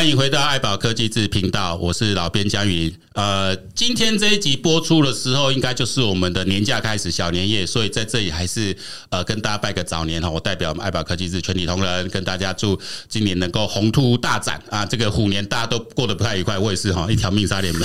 歡迎回到艾葆科技誌頻道，我是老編江雲。呃，今天這一集播出的時候，應該就是我們的年假開始，小年夜，所以在這裡還是呃，跟大家拜個早年哈。我代表我們艾葆科技誌全體同仁，跟大家祝今年能夠宏圖大展啊！這個虎年大家都過得不太愉快，我也是哈，一條命差點沒，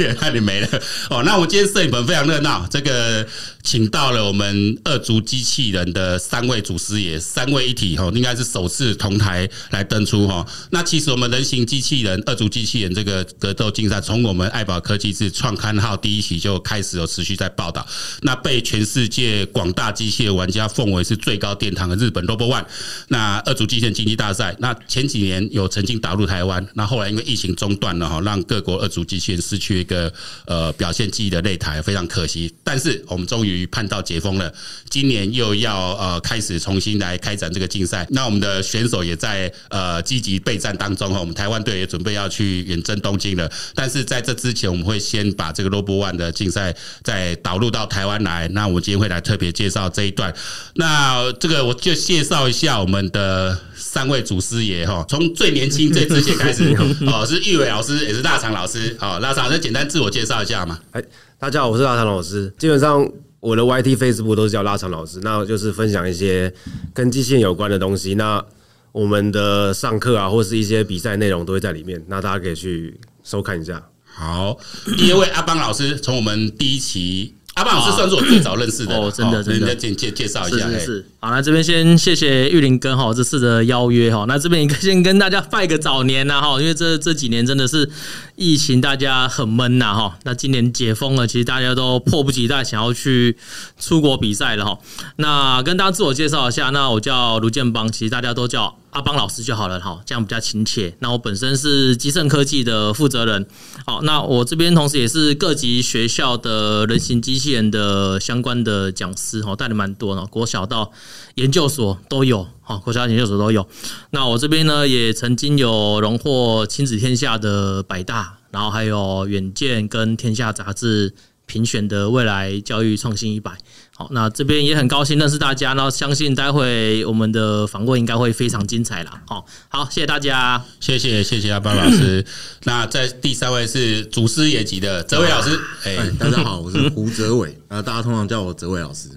也差點沒了。哦，那我們今天攝影棚非常熱鬧，這個請到了我們二足機器人的三位祖師爺，三位一體哈，應該是首次同台來登出哈。那其實我們。人形機器人、二足機器人這個格鬥競賽，從我們艾葆科技誌創刊號第一期就開始有持續在報道。那被全世界廣大機械玩家奉為是最高殿堂的日本 Robo One，那二足機器人競技大賽，那前幾年有曾經打入台灣，那後來因為疫情中斷了哈，讓各國二足機器人失去一個呃，表現技藝的擂台，非常可惜。但是我們終於盼到解封了，今年又要呃，開始重新來開展這個競賽。那我們的選手也在呃，積極備戰當中。我們台灣隊也準備要去遠征東京了，但是在這之前，我們會先把這個 ROBO-ONE 的競賽再導入到台灣來。那我們今天會來特別介紹這一段。那這個我就介紹一下我們的三位祖師爺哈，從最年輕最這些開始。哦， 是哲瑋老師，也是臘腸老師。好，臘腸，那簡單自我介紹一下嘛。哎，大家好，我是臘腸老師。基本上我的 YT、Facebook 都是叫臘腸老師，那就是分享一些跟機器人有關的東西。那我們的上課啊，或是一些比賽內容都會在裡面，那大家可以去收看一下。好，第一位阿邦老師，從我們第一期阿邦老師算是我最早認識的，真的、哦哦，真的，你再介介介紹一下，是。是是好，那這邊先謝謝玉林哥哈，這次的邀約哈。那這邊先跟大家拜個早年吶、啊、哈，因為這這幾年真的是疫情，大家很悶吶哈。那今年解封了，其實大家都迫不及待想要去出國比賽了哈。那跟大家自我介紹一下，那我叫盧建邦，其實大家都叫阿邦老師就好了哈，這樣比較親切。那我本身是吉盛科技的負責人，好，那我這邊同時也是各級學校的人形機器人的相關的講師哈，帶了蠻多呢，國小到研究所都有，好國家研究所都有。那我這邊呢，也曾經有榮獲《親子天下》的百大，然後還有《遠見》跟《天下》雜誌評選的未來教育創新一百。好，那這邊也很高興認識大家，那相信待會我們的訪問應該會非常精彩啦。好，好，謝謝大家，謝謝謝謝阿邦老師。咳咳，那在第三位是祖師爺級的哲瑋老師。哎哇，大家、欸、好，我是胡哲瑋，那咳咳大家通常叫我哲瑋老師。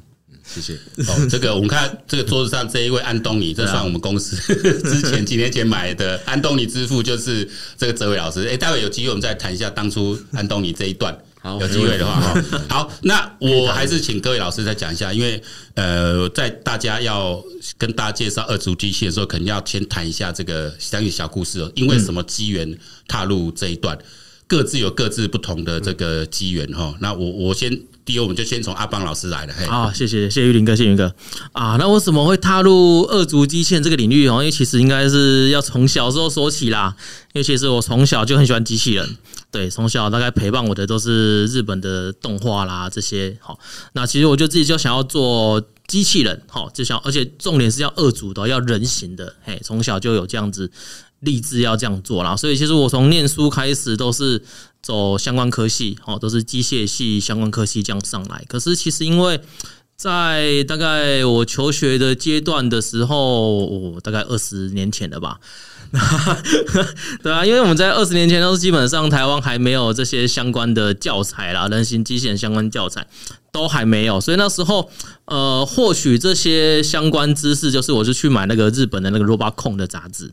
謝謝。好，這個我們看這個桌子上這一位安東尼， 這算我們公司 之前幾年前買的安東尼之父，就是這個這位老師。哎、欸，待會有機會我們再談一下當初安東尼這一段。 好，有機會的話 好，那我還是請各位老師再講一下，因為呃，在大家要跟大家介紹二足機械的時候，肯定要先談一下這個相遇小故事，因為什麼機緣踏入這一段。嗯各自有各自不同的這個機緣哈，那我我先，第一我們就先從阿邦老師來了，嘿，好，謝謝謝謝玉林哥，謝謝玉林哥啊，那為什麼會踏入二足機械這個領域？哦，因為其實應該是要從小時候說起啦，因為其實我從小就很喜歡機器人，對，從小大概陪伴我的都是日本的動畫啦這些，好，那其實我就自己就想要做機器人，好，就想，而且重點是要二足的，要人形的，嘿，從小就有這樣子。立志要這樣做啦，所以其實我從念書開始都是走相關科系，哦，都是機械系相關科系這樣上來。可是其實因為在大概我求學的階段的時候，大概二十年前了吧， 對啊，因為我們在二十年前都是基本上台灣還沒有這些相關的教材啦，人形機械相關教材。都還沒有，所以那時候，呃，獲取這些相關知識，就是我就去買那個日本的那個《Robocon》的雜誌，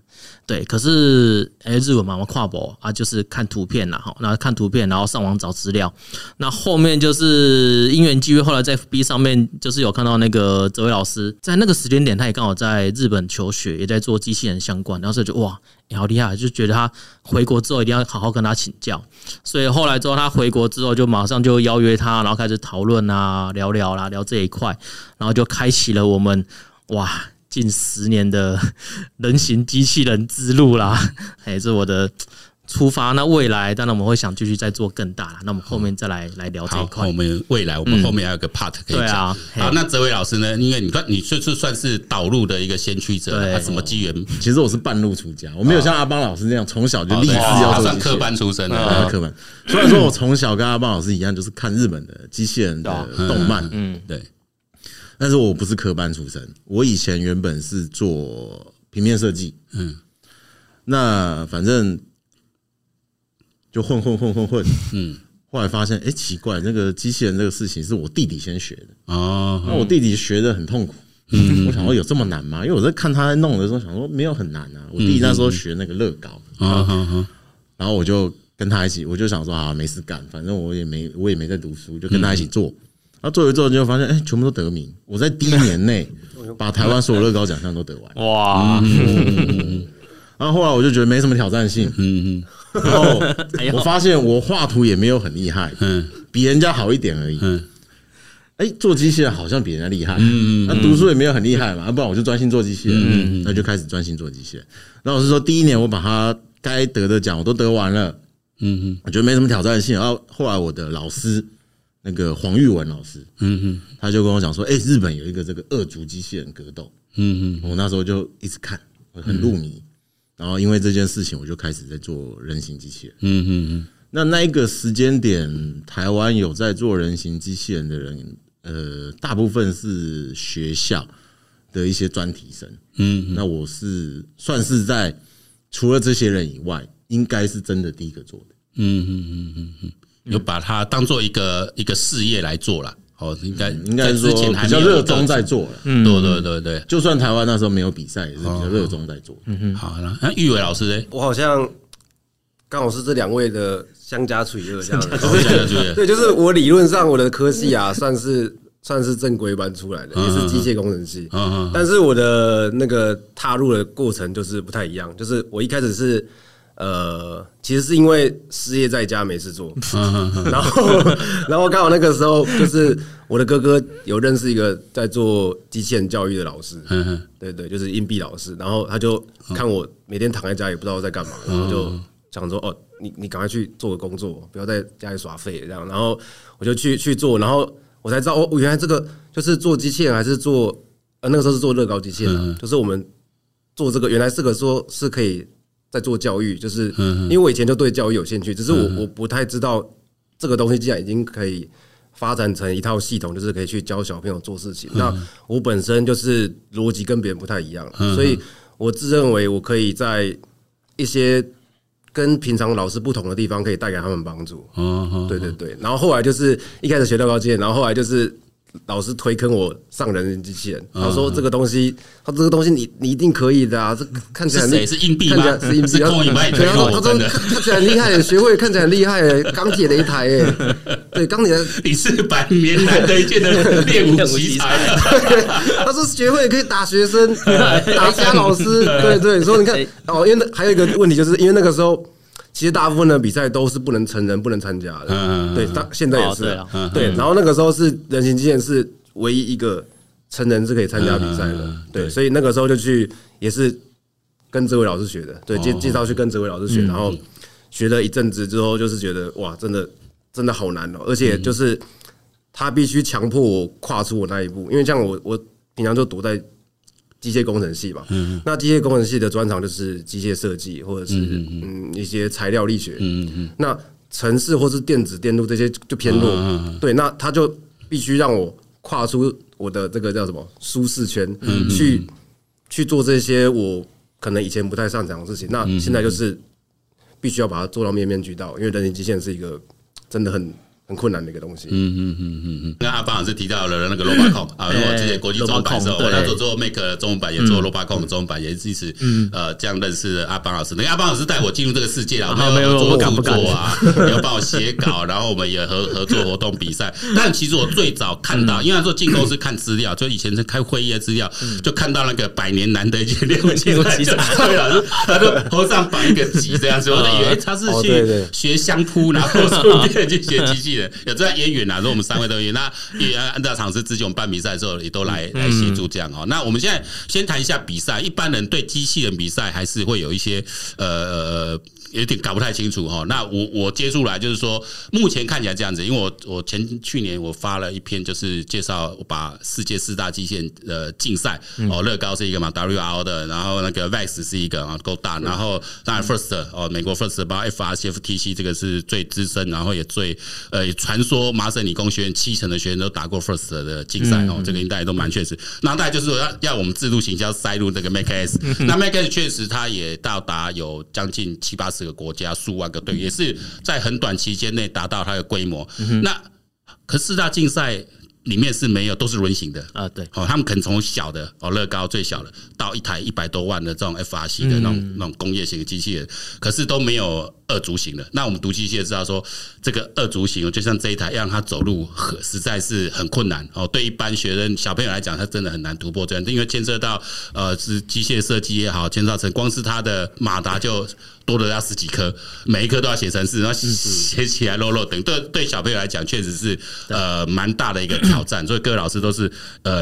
對。可是哎、欸，日文嘛，我跨不過啊，就是看圖片了哈。那看圖片，然後上網找資料。那後，後面就是因緣際遇，後來在 FB 上面就是有看到那個哲瑋老師，在那個時間點，他也剛好在日本求學，也在做機器人相關。然後就哇。你好厲害，就覺得他回國之後一定要好好跟他請教，所以後來之後他回國之後就馬上就邀約他，然後開始討論啊，聊聊啦、啊，聊這一塊，然後就開啟了我們哇近十年的人形機器人之路啦，哎，這是我的。出發。那未來當然，我們會想繼續再做更大，那我們後面再來、嗯、來聊這一塊。我們未來，我們後面還有個 part、嗯、可以講。啊、好，那哲瑋老師呢？因為你看，你算是導入的一個先驅者。對啊、什麼機緣？其實我是半路出家，我沒有像阿邦老師那樣從小就立志要、哦哦啊、他上科班出身，科班、啊。雖然、哦、說我從小跟阿邦老師一樣，就是看日本的機器人的動漫，哦、嗯，對。但是我不是科班出身，我以前原本是做平面設計，嗯，那反正。就混混混混混，嗯。後來發現，哎、欸，奇怪，那個機器人這個事情是我弟弟先學的啊。那、啊、我弟弟學的很痛苦，嗯。我想說有這麼難嗎？因為我在看他在弄的時候，想說沒有很難啊。我弟弟那時候學那個樂高、嗯嗯啊，啊，啊然後我就跟他一起，我就想說啊，沒事幹，反正我也沒我也沒在讀書，就跟他一起做。嗯、然後做一做就發現，哎、欸，全部都得名。我在第一年內把台灣所有樂高獎項都得完、啊，哇！嗯 然後、啊、後來我就覺得沒什麼挑戰性，嗯嗯，然後我發現我畫圖也沒有很厲害，嗯，比人家好一點而已，嗯，哎，做機器人好像比人家厲害，嗯嗯，那讀書也沒有很厲害嘛、啊，不然我就專心做機器人，那就開始專心做機器人。然後我是說，第一年我把它該得的獎我都得完了，嗯嗯，我覺得沒什麼挑戰性。然後後來我的老師那個黃玉文老師，嗯嗯，他就跟我講說，哎，日本有一個這個二足機器人格鬥，嗯嗯，我那時候就一直看，很入迷。然後因為這件事情，我就開始在做人形機器人。嗯嗯，那那一個時間點，台灣有在做人形機器人的人，呃，大部分是學校的一些專題生。嗯，那我是算是在除了這些人以外，應該是真的第一個做的。嗯嗯嗯嗯嗯，有把它當做一個一個事業來做了。哦，應該應該說比較熱衷在做了，對對對對，對。就算台灣那時候沒有比賽，也是比較熱衷在做。嗯嗯，好啦、啊。那哲瑋老師呢，我好像剛好是這兩位的相加除以二這樣子，對對對，對，就是我理論上我的科系啊， 算是算是正規班出來的， 也是機械工程系，嗯嗯，但是我的那個踏入的過程就是不太一樣，就是我一開始是。呃，其實是因為失業在家沒事做， 然後 然後剛好那個時候就是我的哥哥有認識一個在做機器人教育的老師，嗯， 對對，就是硬幣老師，然後他就看我每天躺在家也不知道在幹嘛，然後 就想說哦，你你趕快去做個工作，不要在家裡耍廢這樣，然後我就去去做，然後我才知道哦，原來這個就是做機器人還是做，呃、啊，那個時候是做樂高機器人， 就是我們做這個原來這個說是可以在做教育，就是因為我以前就對教育有興趣，嗯、哼只是我我不太知道這個東西既然已經可以發展成一套系統，就是可以去教小朋友做事情。嗯、哼那我本身就是邏輯跟別人不太一樣，嗯、哼所以我自認為我可以在一些跟平常老師不同的地方，可以帶給他們幫助。哦哦、對對對，然後後來就是一開始學教高階，然後後來就是。老師推坑我上人機器人，他說這個東西，他這個東西你你一定可以的啊！這看起，看起來是硬幣嗎、嗯？是硬幣，然後他說他看起來很厲害，學會看起來很厲害，鋼鐵的一台哎，對鋼鐵的你是百年難得一見的練武奇才。他說學會可以打學生，打家老師。對對，所以你看哦，因為那還有一個問題，就是因為那個時候。其實大部分的比賽都是不能成人不能參加的，嗯嗯嗯、對，到現在也是，哦對，嗯、對。然後那個時候是人形機器人是唯一一個成人是可以參加比賽的，嗯嗯嗯、對。對對，所以那個時候就去也是跟哲瑋老師學的，對，介介紹去跟哲瑋老師學，嗯、然後學了一陣子之後，就是覺得哇，真的真的好難哦、喔，而且就是他必須強迫我跨出我那一步，因為像我我平常就躲在。機械工程系嘛，那機械工程系的專長就是機械設計或者是嗯一些材料力學，那程式、或是電子電路這些就偏弱，對，那他就必須讓我跨出我的這個叫什麼舒適圈，去去做這些我可能以前不太擅長的事情。那現在就是必須要把它做到面面俱到，因為人機極限是一個真的很。很困難的一個東西。嗯嗯嗯嗯嗯。那阿邦老師提到了那個 Robocon 啊，然後我之前國際中文版的時候，我那時候做 Make 中文版，也做 Robocon 中文版，也一直呃這樣認識阿邦老師。那個阿邦老師帶我進入這個世界啊，後有沒有做過不敢啊？有幫我寫稿，然後我們也合合作活動比賽。但其實我最早看到，因為說進公司看資料，就以前是開會議的資料，就看到那個百年難得一見的機器對了，他就頭上綁一個雞這樣子，我以為他是去學相撲，然後順便去學機器。 有在演員啊，如我們三位都演，那也按照常識，之前我們辦比賽的時候，也都來來協助這樣哦。嗯嗯，那我們現在先談一下比賽，一般人對機器人比賽還是會有一些呃呃。呃有點搞不太清楚哈，哦。那我我接觸來就是說，目前看起來這樣子，因為我我前去年我發了一篇，就是介紹我把世界四大機械呃競賽哦，樂、嗯、高是一個嘛，W R O 的，然後那個 VEX 是一個啊，夠大，然後當然 First、er、哦、嗯，美國 First、er、包括 F R C F T C 這個是最資深，然後也最呃傳說麻省理工學院七成的學生都打過 First、er、的競賽哦，嗯嗯這個應該都蠻確實。那再就是說要要我們制度行銷塞入那個 MakeX，,、嗯、 那 MakeX 確實它也到達有將近七八十。這個國家數萬個隊也是在很短期間內達到它的規模。那可四大競賽裡面是沒有，都是輪型的啊？對，他們可能從小的哦樂高最小的到一台一百多萬的這種 FRC 的那種、嗯、那種工業型的機器人，可是都沒有二足型的。那我們讀機械知道說，這個二足型就像這一台要讓它走路很實在是很困難哦。對一般學生小朋友來講，他真的很難突破這樣，因為牽涉到呃是機械設計也好，牽涉成光是它的馬達就，多的要十幾顆，每一顆都要寫程式，然後寫、嗯、起來漏漏等。對，對小朋友來講，確實是對呃蠻大的一個挑戰。所以各位老師都是嗯、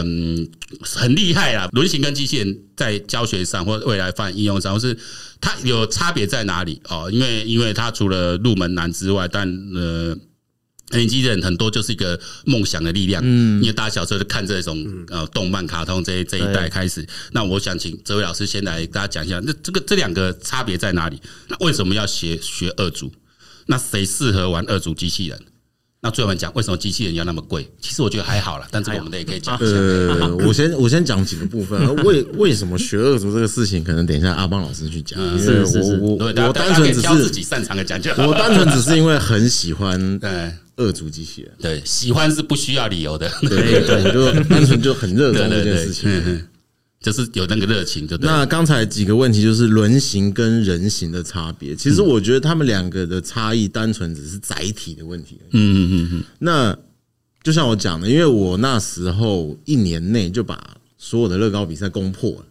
呃、很厲害啦。輪型跟機器人在教學上，或者未來泛應用上，或是它有差別在哪裡哦？因為，因為它除了入門難之外，但呃。機器人很多就是一個夢想的力量，嗯，因為大家小時候就看這種呃動漫、卡通，這這一代開始。那我想請這位老師先來跟大家講一下，那這個這兩個差別在哪裡？那為什麼要學學二足？那誰適合玩二足機器人？那最後講為什麼機器人要那麼貴？其實我覺得還好了，但是我們的也可以講一下、呃、我先我先講幾個部分。為為什麼學二足這個事情，可能等一下阿邦老師去講。是因為我是是我、啊、我單純只是自己擅長的講解。我單純只是因為很喜歡二足機器人，對，喜歡是不需要理由的。對對，我就單純就很熱衷這件事情。就是有那個熱情就對，就那剛才幾個問題就是輪型跟人型的差別。其實我覺得他們兩個的差異，單純只是載體的問題而已。嗯嗯嗯嗯。那就像我講的，因為我那時候一年內就把所有的樂高比賽攻破了，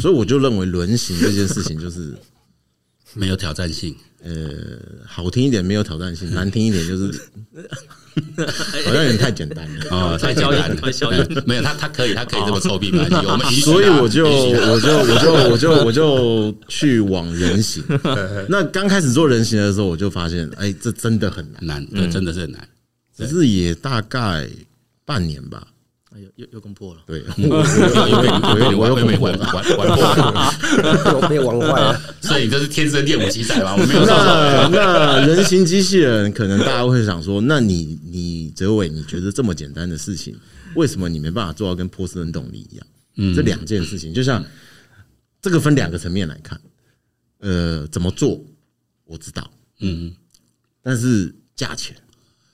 所以我就認為輪型這件事情就是沒有挑戰性。呃，好聽一點沒有挑戰性，難聽一點就是。好像有點太簡單了啊！哦、太簡單了，太簡單太教。沒有他，他可以，他可以這麼臭屁吧唧。 我們、啊、所以我就、啊、我就我就 我就，我就，我,就我就去往人形。 那剛開始做人形的時候，我就發現，哎、欸，這真的很難，難 真的是很難。只、嗯、是也大概半年吧。又又又攻破了。對，為我又沒，沒玩玩玩破了， 又被玩壞了， 所以你這是天生練武奇才吧？我沒有上上那，那人形機器人可能大家會想說，那你你哲瑋，你覺得這麼簡單的事情，為什麼你沒辦法做到跟波士頓動力一樣？嗯，這兩件事情，就像這個分兩個層面來看，呃，怎麼做我知道，嗯，但是價錢，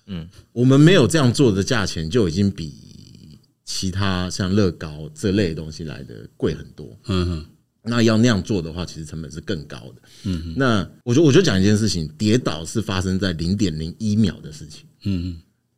嗯，我們沒有這樣做的價錢就已經比。其他像樂高這類東西來的貴很多，嗯哼，那要那樣做的話，其實成本是更高的，嗯哼。那我就我就講一件事情，跌倒是發生在零點零一秒的事情，嗯哼。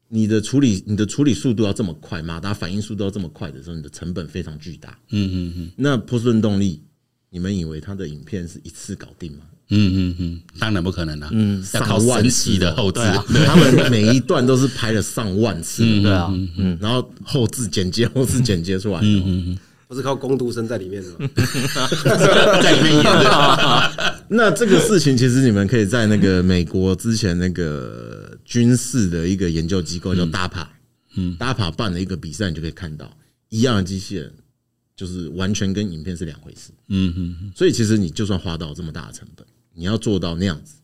你的處理，你的處理速度要這麼快嗎，馬達反應速度要這麼快的時候，你的成本非常巨大，嗯哼嗯哼。那波士頓動力，你們以為它的影片是一次搞定嗎？嗯嗯嗯，當然不可能了。嗯，要靠神奇的後置，他們每一段都是拍了上萬次。對啊，嗯，然後後置剪接，後置剪接出來。嗯嗯嗯，不是靠工讀生在裡面是嗎？在裡面演。那這個事情其實你們可以在那個美國之前那個軍事的一個研究機構叫 DAPA，嗯，DAPA 辦了一個比賽，你就可以看到一樣的機器人，就是完全跟影片是兩回事。嗯嗯，所以其實你就算花到這麼大的成本。你要做到那樣子，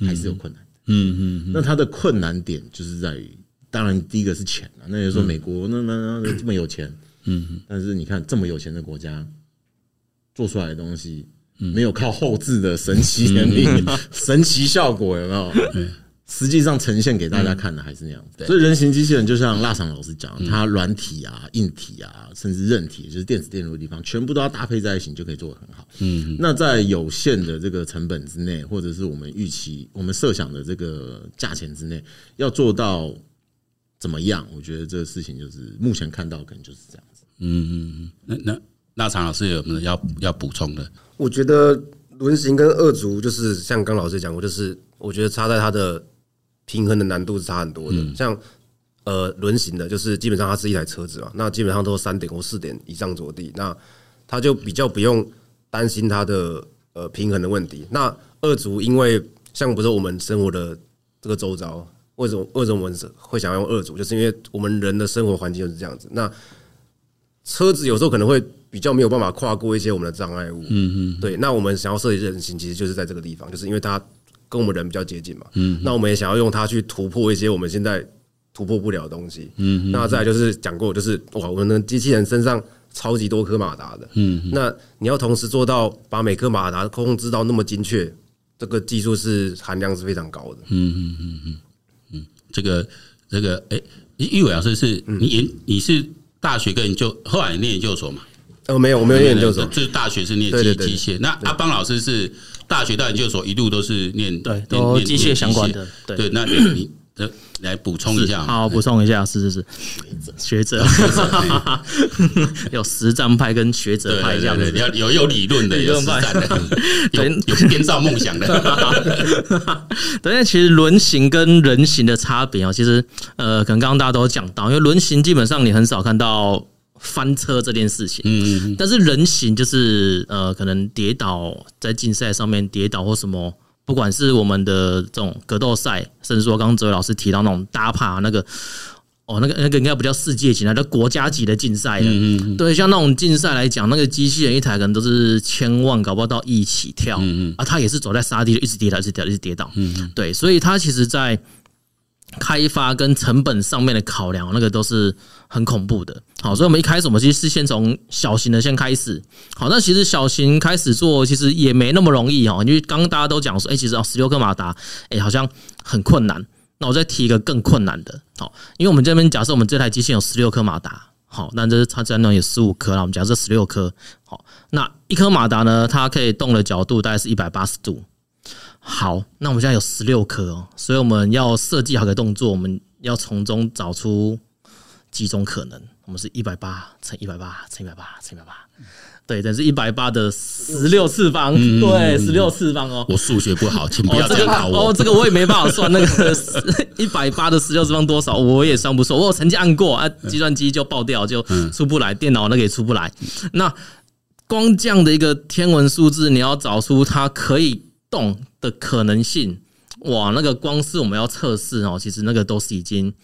還是有困難的。嗯嗯，那它的困難點就是在於，當然第一個是錢，那也就是說美國那那那這麼有錢，嗯，嗯，但是你看這麼有錢的國家，做出來的東西沒有靠後製的神奇能力、嗯嗯、神奇效果，有沒有？嗯哼，對。實際上呈現給大家看的還是那樣子，嗯，所以人形機器人就像臘腸老師講，它軟體啊、硬體啊，甚至韌體，就是電子電路的地方，全部都要搭配在一起，就可以做得很好。嗯，那在有限的這個成本之內，或者是我們預期、我們設想的這個價錢之內，要做到怎麼樣？我覺得這個事情就是目前看到的可能就是這樣子。嗯嗯，那那臘腸老師有沒有要要補充的？我覺得輪形跟二足就是像剛老師講過，就是我覺得差在它的。平衡的難度是差很多的，像呃輪型的，就是基本上它是一台車子嘛，那基本上都是三點或四點以上着地，那它就比較不用擔心它的呃平衡的問題。那二足因為像不是我們生活的這個周遭，為什麼為什麼我們會想要用二足，就是因為我們人的生活環境就是這樣子。那車子有時候可能會比較沒有辦法跨過一些我們的障礙物，嗯嗯，對。那我們想要設計人形，其實就是在這個地方，就是因為它。跟我們人比較接近嘛，嗯，那我們也想要用它去突破一些我們現在突破不了的東西，嗯，那再就是講過，就是哇，我們的機器人身上超級多顆馬達的，嗯，那你要同時做到把每顆馬達控制到那麼精確，這個技術是含量是非常高的。嗯，嗯嗯嗯嗯嗯，嗯，這個這個，哎，哲瑋老師是你，嗯、你是大學跟就後來你念研究所嘛？哦、呃，沒有，我沒有念研究所、嗯，就、嗯、是、嗯嗯、大學是念機對對對機械。那阿邦老師是。大學、研究所一路都是念對，都機械相關的。對，對那你這 來補充一下，好，好，補充一下，是是是，學者，學者 有實戰派跟學者派這樣子，你要有有理論的，有實戰的，有對有編造夢想的。等下，其實輪型跟人型的差別哦，其實呃，可能剛剛大家都講到，因為輪型基本上你很少看到。翻車這件事情，嗯嗯，嗯，但是人形就是呃，可能跌倒在競賽上面跌倒或什麼，不管是我們的這種格鬥賽，甚至說剛剛哲瑋老師提到那種大帕、啊、那個，哦，那個那個應該不叫世界級，那叫、個、國家級的競賽，嗯嗯，嗯，對，像那種競賽來講，那個機器人一台可能都是千萬，搞不好到億起跳，嗯嗯，啊，他也是走在沙地一直跌倒，一直跌倒，一直跌倒，嗯，嗯，嗯、對，所以他其實，在開發跟成本上面的考量，那個都是。很恐怖的，好，所以我們一開始，我們其實是先從小型的先開始，好，那其實小型開始做，其實也沒那麼容易哈、喔，因為剛剛大家都講說，哎，其實哦，十六顆馬達，哎，好像很困難，那我再提一個更困難的，好，因為我們這邊假設我們這台機器有十六顆馬達，好，那這是它真的有十五顆了，我們假設十六顆，好，那一顆馬達呢，它可以動的角度大概是一百八十度，好，那我們現在有十六顆哦，所以我們要設計好個動作，我們要從中找出，幾種可能？我們是一百八乘一百八乘一百八乘一百八，對，但是一百八的十六次方。嗯、對，十六、嗯、次方哦。我數學不好，請不要再考我、哦這個哦。這個我也沒辦法算，那個一百八的十六次方多少，我也算不出。我曾經按過啊，計算機就爆掉，就出不來，嗯、電腦那個也出不來。那光這樣的一個天文數字，你要找出它可以動的可能性，哇，那個光是我們要測試哦。其實那個都是已經。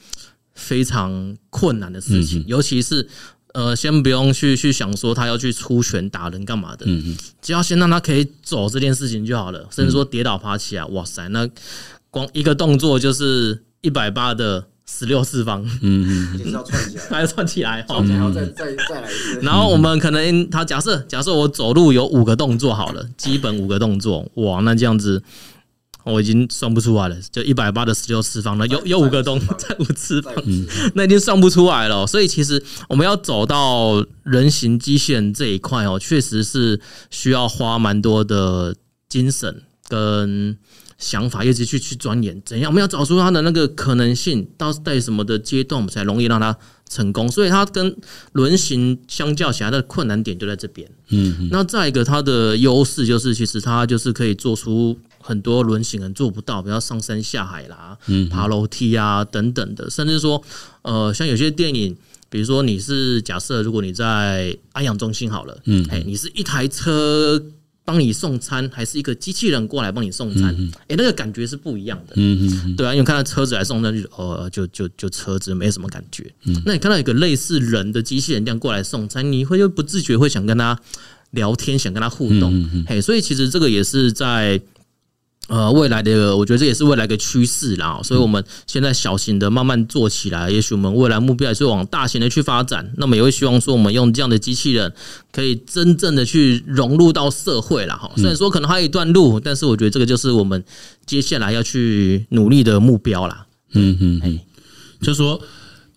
非常困難的事情，尤其是呃，先不用去去想說他要去出拳打人幹嘛的，嗯哼只要先讓他可以走這件事情就好了，甚至說跌倒爬起來，嗯、哼哇塞，那光一個動作就是一百八的十六次方，嗯嗯哼，是要串起，起來，還要串起來，串起來，再再再來一次，然後我們可能他假設，假設我走路有五個動作好了，基本五個動作，唉哇，那這樣子。我已經算不出來了，就一百八的十六次方了，有有五個洞再五次方，那已經算不出來了。所以其實我們要走到人形機械人這一塊哦，確實是需要花蠻多的精神跟想法，一直去去鑽研怎樣我們要找出它的那個可能性，到在什麼的階段我們才容易讓它成功。所以它跟輪形相較起來的困難點就在這邊。嗯，嗯，那再一個它的優勢就是，其實它就是可以做出。很多輪行人做不到，比如說上山下海啦，嗯、哼爬樓梯啊等等的，甚至說，呃，像有些電影，比如說你是假設，如果你在安養中心好了，嗯哼嘿，你是一台車幫你送餐，還是一個機器人過來幫你送餐？哎、嗯哼欸，那個感覺是不一樣的，嗯嗯哼，對啊，因為看到車子來送餐就，呃，就就就車子沒什麼感覺，嗯哼，那你看到一個類似人的機器人這樣過來送餐，你會就不自覺會想跟他聊天，想跟他互動，嗯、哼嘿，所以其實這個也是在。呃，未來的我覺得這也是未來的趨勢啦，所以我們現在小型的慢慢做起來，也許我們未來目標也是往大型的去發展。那麼也會希望說，我們用這樣的機器人可以真正的去融入到社會了哈。雖然說可能還有一段路，但是我覺得這個就是我們接下來要去努力的目標啦。嗯嗯，哎，就說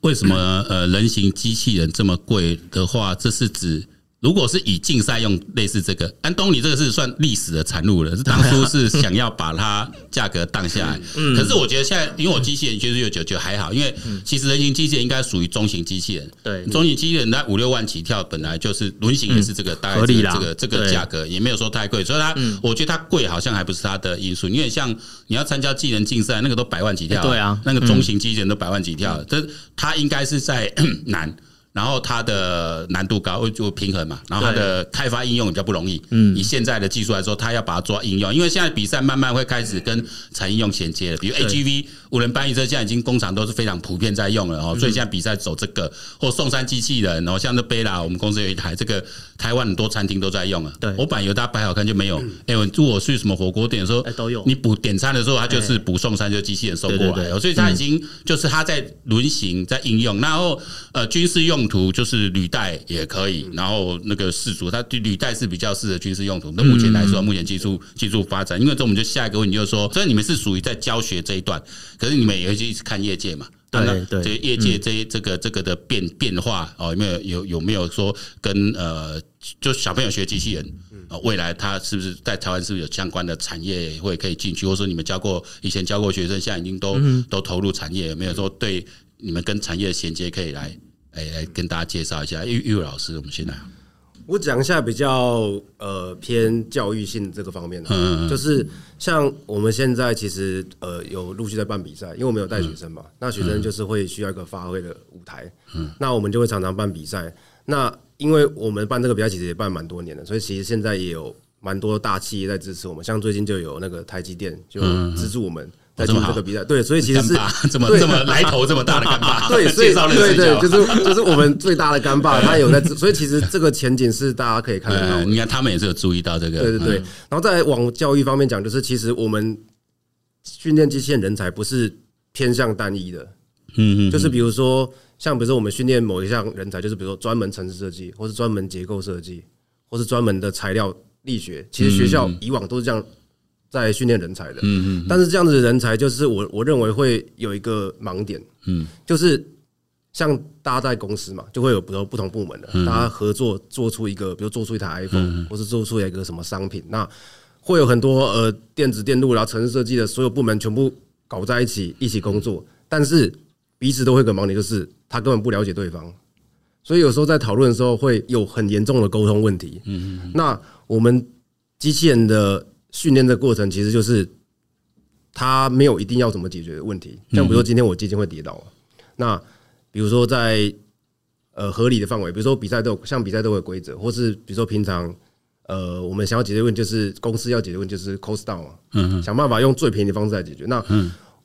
為什麼呃人形機器人這麼貴的話，這是指。如果是以競賽用類似這個，安東尼這個是算歷史的產物了，是當初是想要把它價格降下來。可是我覺得現在，因為我機器人學實有久，就覺得覺得還好，因為其實人形機器人應該屬於中型機器人。對，中型機器人在五六萬起跳，本來就是輪型也是這個大概的這個這個價格，也沒有說太貴。所以它，我覺得它貴好像還不是它的因素，因為像你要參加技能競賽，那個都百萬起跳。對啊，那個中型機器人都百萬起跳，這它應該是在難，然後它的難度高，就平衡嘛。然後它的開發應用比較不容易。對嗯，以現在的技術來說，它要把它做應用，因為現在比賽慢慢會開始跟產業應用銜接了。比如 AGV 對對 無人搬運車，現在已經工廠都是非常普遍在用了哦。所以現在比賽走這個或送餐機器人哦，然後像這貝拉，我們公司有一台這個。台灣很多餐廳都在用啊，對、嗯、我擺有搭擺好看就沒有、欸。誒我住我去什麼火鍋店，的時候，你補點餐的時候，它就是補送餐，就機器人送過來。所以它已經就是它在輪行在應用，然後呃軍事用途就是履帶也可以，然後那個四足，它對履帶是比較適合軍事用途。那目前來說，目前技術技術發展，因為這我們就下一個問題就是說，所以你們是屬於在教學這一段，可是你們也會去看業界嘛？對，對嗯、這些業界這些這個這個的變變化哦，有沒有有有沒有說跟呃，就小朋友學機器人，未來他是不是在台灣是不是有相關的產業會可以進去？或者說你們教過以前教過學生，現在已經都都投入產業，有沒有說對你們跟產業銜接可以來哎來跟大家介紹一下玉，玉玉老師，我們現在。我講一下比較呃偏教育性這個方面的，嗯嗯就是像我們現在其實呃有陸續在辦比賽，因為我們有帶學生嘛，嗯、那學生就是會需要一個發揮的舞台，嗯嗯那我們就會常常辦比賽。那因為我們辦這個比賽其實也辦蠻多年的，所以其實現在也有蠻多大企業在支持我們，像最近就有那個台積電就資助我們。嗯嗯嗯在做這個比賽，對，所以其實是這麼對這麼來頭這麼大的乾爸， 對，所對，對對，就是就是我們最大的乾爸，他有在，所以其實這個前景是大家可以看到的。你看，他們也是有注意到這個，對對對。然後再往教育方面講，就是其實我們訓練機器人人才不是偏向單一的，嗯，就是比如說像比如說我們訓練某一項人才，就是比如說專門城市設計，或是專門結構設計，或是專門的材料力學。其實學校以往都是這樣。嗯在訓練人才的，但是這樣子的人才就是我我認為會有一個盲點，就是像大家在公司嘛，就會有不不同部門的，大家合作做出一個，比如做出一台 iPhone，或是做出一個什麼商品，那會有很多呃電子電路，然後程式設計的所有部門全部搞在一起一起工作，但是彼此都會有一個盲點，就是他根本不了解對方，所以有時候在討論的時候會有很嚴重的溝通問題，那我們機器人的。訓練的過程其實就是他沒有一定要怎麼解決的問題，像比如說今天我基金會跌倒，啊，那比如說在呃合理的範圍，比如說比賽都有像比賽都有規則，或是比如說平常呃我們想要解決問題，就是公司要解決問題就是 cost down，嗯嗯，想辦法用最便宜的方式來解決。那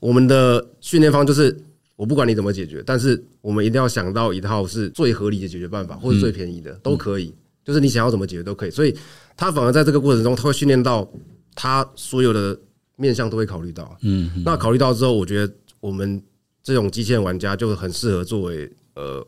我們的訓練方就是我不管你怎麼解決，但是我們一定要想到一套是最合理的解決辦法，或是最便宜的都可以，就是你想要怎麼解決都可以。所以他反而在這個過程中，他會訓練到。他所有的面向都會考慮到，嗯，那考慮到之後，我覺得我們這種機器人玩家就很適合作為呃。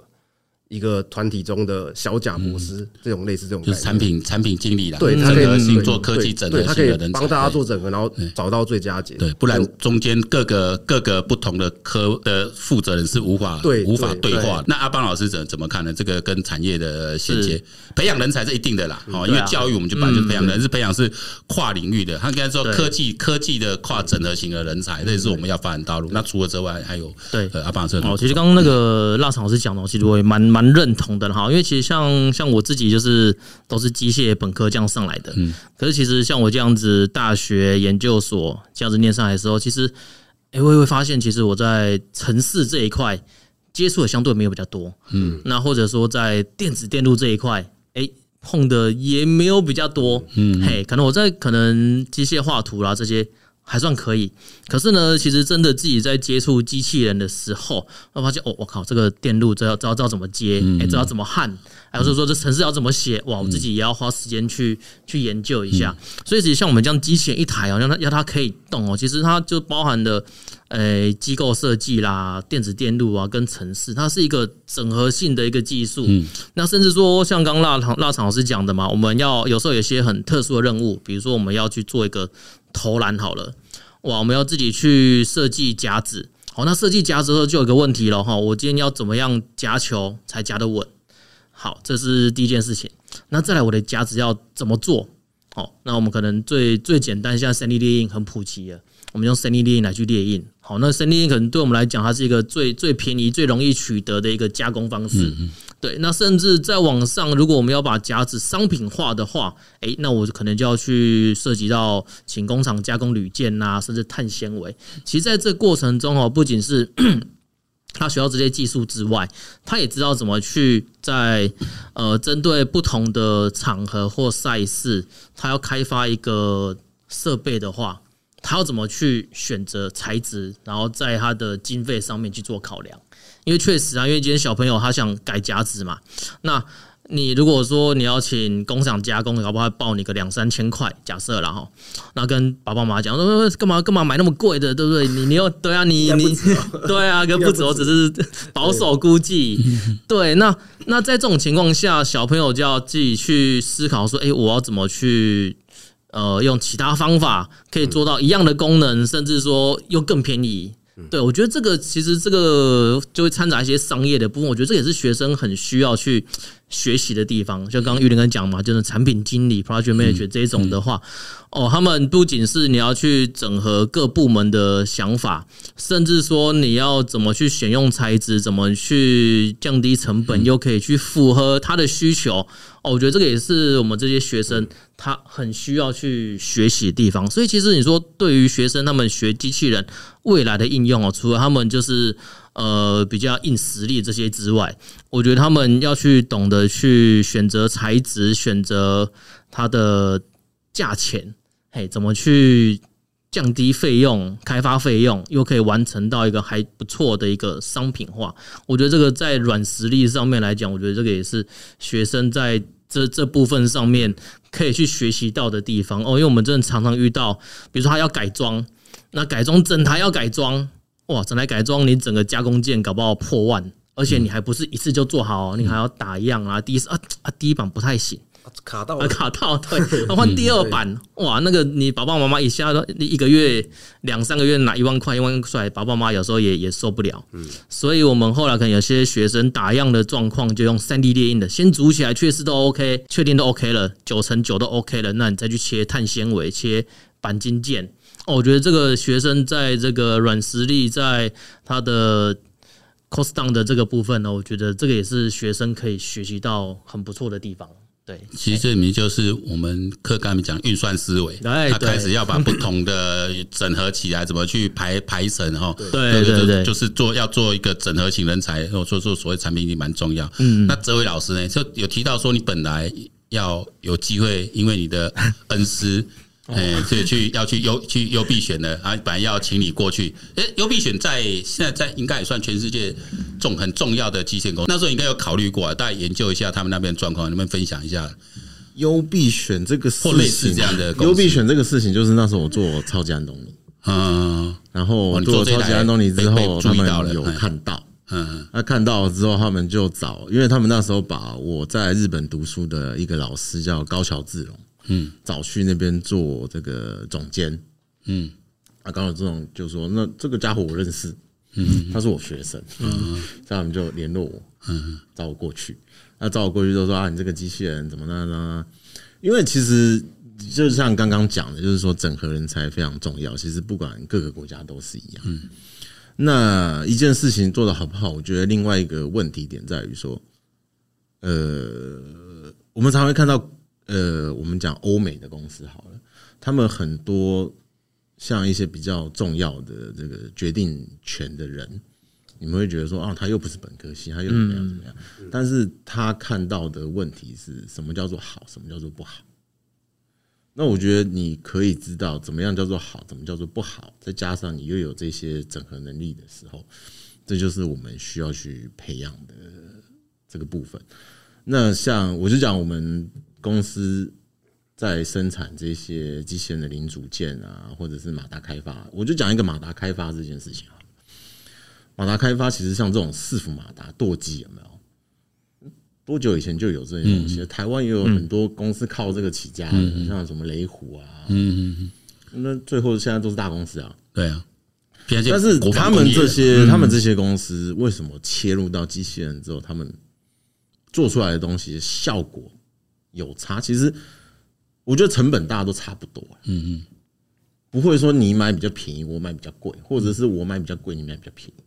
一個團體中的小甲模式，這種類似這種產品產品經理啦，對整合型，做科技整合型的人才，幫大家做整合，然後找到最佳解。對，不然中間各個各個不同的科的負責人是無法對，無法對話。那阿邦老師怎怎麼看呢？這個跟產業的銜接，培養人才是一定的啦。哦，因為教育我們就本來就培養人，是培養是跨領域的。他剛才說科技科技的跨整合型的人才，這也是我們要發展道路。那除了之外，還有對阿邦老師。哦，其實剛剛那個臘腸老師講的其實我也蠻蠻。很認同的哈，因為其實像像我自己就是都是機械本科這樣上來的，嗯，可是其實像我這樣子大學研究所這樣子念上來的時候，其實誒、欸，我會發現其實我在程式這一塊接觸的相對沒有比較多，嗯，那或者說在電子電路這一塊，誒、欸，碰的也沒有比較多，嗯，嗯，嘿、欸，可能我在可能機械畫圖啦這些。還算可以，可是呢，其實真的自己在接觸機器人的時候，我發現哦，我、喔、靠，這個電路這要，這要怎麼接，哎、嗯，這要、欸、怎麼焊，嗯、還有就是說這程式要怎麼寫，哇，我自己也要花時間去、嗯、去研究一下。嗯、所以，其實像我們這樣機器人一台哦、啊，讓它要它可以動哦、喔，其實它就包含的，誒、欸，機構設計啦、電子電路啊，跟程式，它是一個整合性的一個技術。嗯、那甚至說像剛剛，像剛臘臘腸老師講的嘛，我們要有時候有些很特殊的任務，比如說我們要去做一個。投籃好了，哇！我們要自己去設計夾子，好，那設計夾子之後就有個問題了哈，我今天要怎麼樣夾球才夾得穩？好，這是第一件事情。那再來，我的夾子要怎麼做？哦，那我們可能最最簡單，像三 D 列印很普及了我們用 3D 列印來去列印，好，那 3D 列印可能對我們來講，它是一個最最便宜、最容易取得的一個加工方式。嗯嗯、對，那甚至在網上，如果我們要把夾子商品化的話，哎，那我可能就要去涉及到請工廠加工鋁件吶、啊，甚至碳纖維。其實，在這個過程中哦，不僅是他學到這些技術之外，他也知道怎麼去在呃，針對不同的場合或賽事，他要開發一個設備的話。他要怎麼去選擇材質，然後在他的經費上面去做考量。因為確實啊，因為今天小朋友他想改夾子嘛。那你如果說你要請工廠加工，搞不好報你個兩三千塊，假設然後，那跟爸爸媽媽講說幹嘛幹嘛買那麼貴的，對不對？你你又對啊，你你對啊，跟不止我只是保守估計。對，吧 對，那那在這種情況下，小朋友就要自己去思考說，哎、欸，我要怎麼去？呃，用其他方法可以做到一樣的功能，嗯、甚至說又更便宜。對，我覺得這個其實這個就會摻雜一些商業的部分。我覺得這也是學生很需要去學習的地方。像剛剛玉林剛講嘛，就是產品經理、project manager 這一種的話，嗯嗯、哦，他們不僅是你要去整合各部門的想法，甚至說你要怎麼去選用材質，怎麼去降低成本，嗯、又可以去符合他的需求。哦，我覺得這個也是我們這些學生他很需要去學習的地方。所以，其實你說對於學生他們學機器人。未來的應用哦，除了他們就是呃比較硬實力這些之外，我覺得他們要去懂得去選擇材質、選擇它的價錢，嘿，怎麼去降低費用、開發費用，又可以完成到一個還不錯的一個商品化。我覺得這個在軟實力上面來講，我覺得這個也是學生在這這部分上面可以去學習到的地方哦。因為我們真的常常遇到，比如說他要改裝。那改裝整台要改裝哇，整台改裝你整個加工件搞不好破萬，而且你還不是一次就做好，你還要打樣啊。第一次啊啊，第一版不太行、啊，卡到了、啊、卡到，對，換第二版哇，那個你爸爸媽媽一下一個月兩三個月拿一萬塊一萬塊出來，爸爸媽媽有時候也也受不了。所以我們後來可能有些學生打樣的狀況，就用三 D 列印的先組起來，確實都 OK，確定都 OK 了，九成九都 OK 了，那你再去切碳纖維、切钣金件。我覺得這個學生在這個軟實力，在他的 cost down 的這個部分呢，我覺得這個也是學生可以學習到很不錯的地方。對，其實這裡面就是我們課上面講運算思維，他開始要把不同的整合起來，怎麼去排排成哈？對對對，就是做要做一個整合型人才，然後做做所謂產品已經蠻重要。嗯，那這位老師呢，就有提到說，你本來要有機會，因為你的恩師。哎， 所以去要去優去優必選的啊，本來要請你過去。哎、欸，優必選在現在在應該也算全世界重很重要的基建工。那時候應該有考慮過，大家研究一下他們那邊狀況，你們分享一下。優必選這個事情或類似這樣的，優必選這個事情就是那時候我做我超級安東尼啊，然後做我做超級安東尼之後，他們有看到，嗯，那、啊、看到了之後他們就找，因為他們那時候把我在日本讀書的一個老師叫高橋智隆。嗯，找去那邊做這個總監，嗯，啊，剛好這種就說：“那這個家伙我認識，嗯，他是我學生，嗯，這樣、嗯、他們就聯絡我，嗯，嗯，找我過去。那、啊、找我過去就說啊，你這個機器人怎麼啦啦？因為其實就像剛剛講的，就是說整合人才非常重要。其實不管各個國家都是一樣。嗯，那一件事情做得好不好，我覺得另外一個問題點在於說，呃，我們常會看到。呃，我們講歐美的公司好了，他們很多像一些比較重要的這個決定權的人，你們會覺得說啊，他又不是本科系，他又怎麼樣怎麼樣？但是他看到的問題是什麼叫做好，什麼叫做不好？那我覺得你可以知道怎麼樣叫做好，怎麼叫做不好，再加上你又有這些整合能力的時候，這就是我們需要去培養的這個部分。那像我就講我們。公司在生產這些機器人的零組件啊，或者是馬達開發，我就講一個馬達開發這件事情啊。馬達開發其實像這種伺服馬達、舵機有沒有？多久以前就有這些東西？台灣也有很多公司靠這個起家的，像什麼雷虎啊，嗯，那最後現在都是大公司啊。對啊，但是他們這些、他們這些公司為什麼切入到機器人之後，他們做出來的東西的效果，有差，其實我覺得成本大家都差不多。嗯嗯，不會說你買比較便宜，我買比較貴，或者是我買比較貴，你買比較便宜。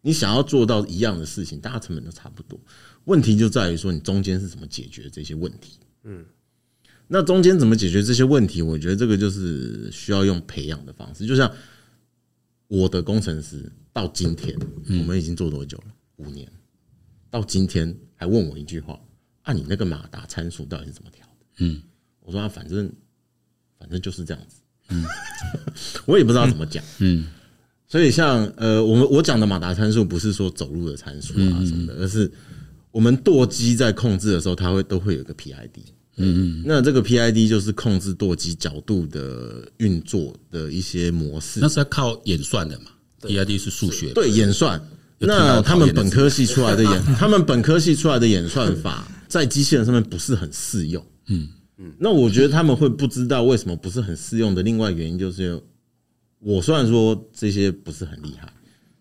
你想要做到一樣的事情，大家成本都差不多。問題就在於說，你中間是怎麼解決這些問題？嗯，那中間怎麼解決這些問題？我覺得這個就是需要用培養的方式。就像我的工程師到今天，我們已經做多久了？五年。到今天還問我一句話。那、啊、你那個馬達參數到底是怎麼調的？嗯，我說、啊、反正反正就是這樣子，嗯， 我也不知道怎麼講，嗯，所以像呃，我們我講的馬達參數不是說走路的參數啊什麼的，而是我們舵機在控制的時候，它會都會有個 PID，嗯，嗯，那這個 PID 就是控制舵機角度的運作的一些模式，那是要靠演算的嘛？PID 是數學，對演算，那他們本科系出來的演，他們本科系出來的演算法。在機器人上面不是很適用，嗯嗯，那我覺得他們會不知道為什麼不是很適用的。另外原因就是，我雖然說這些不是很厲害，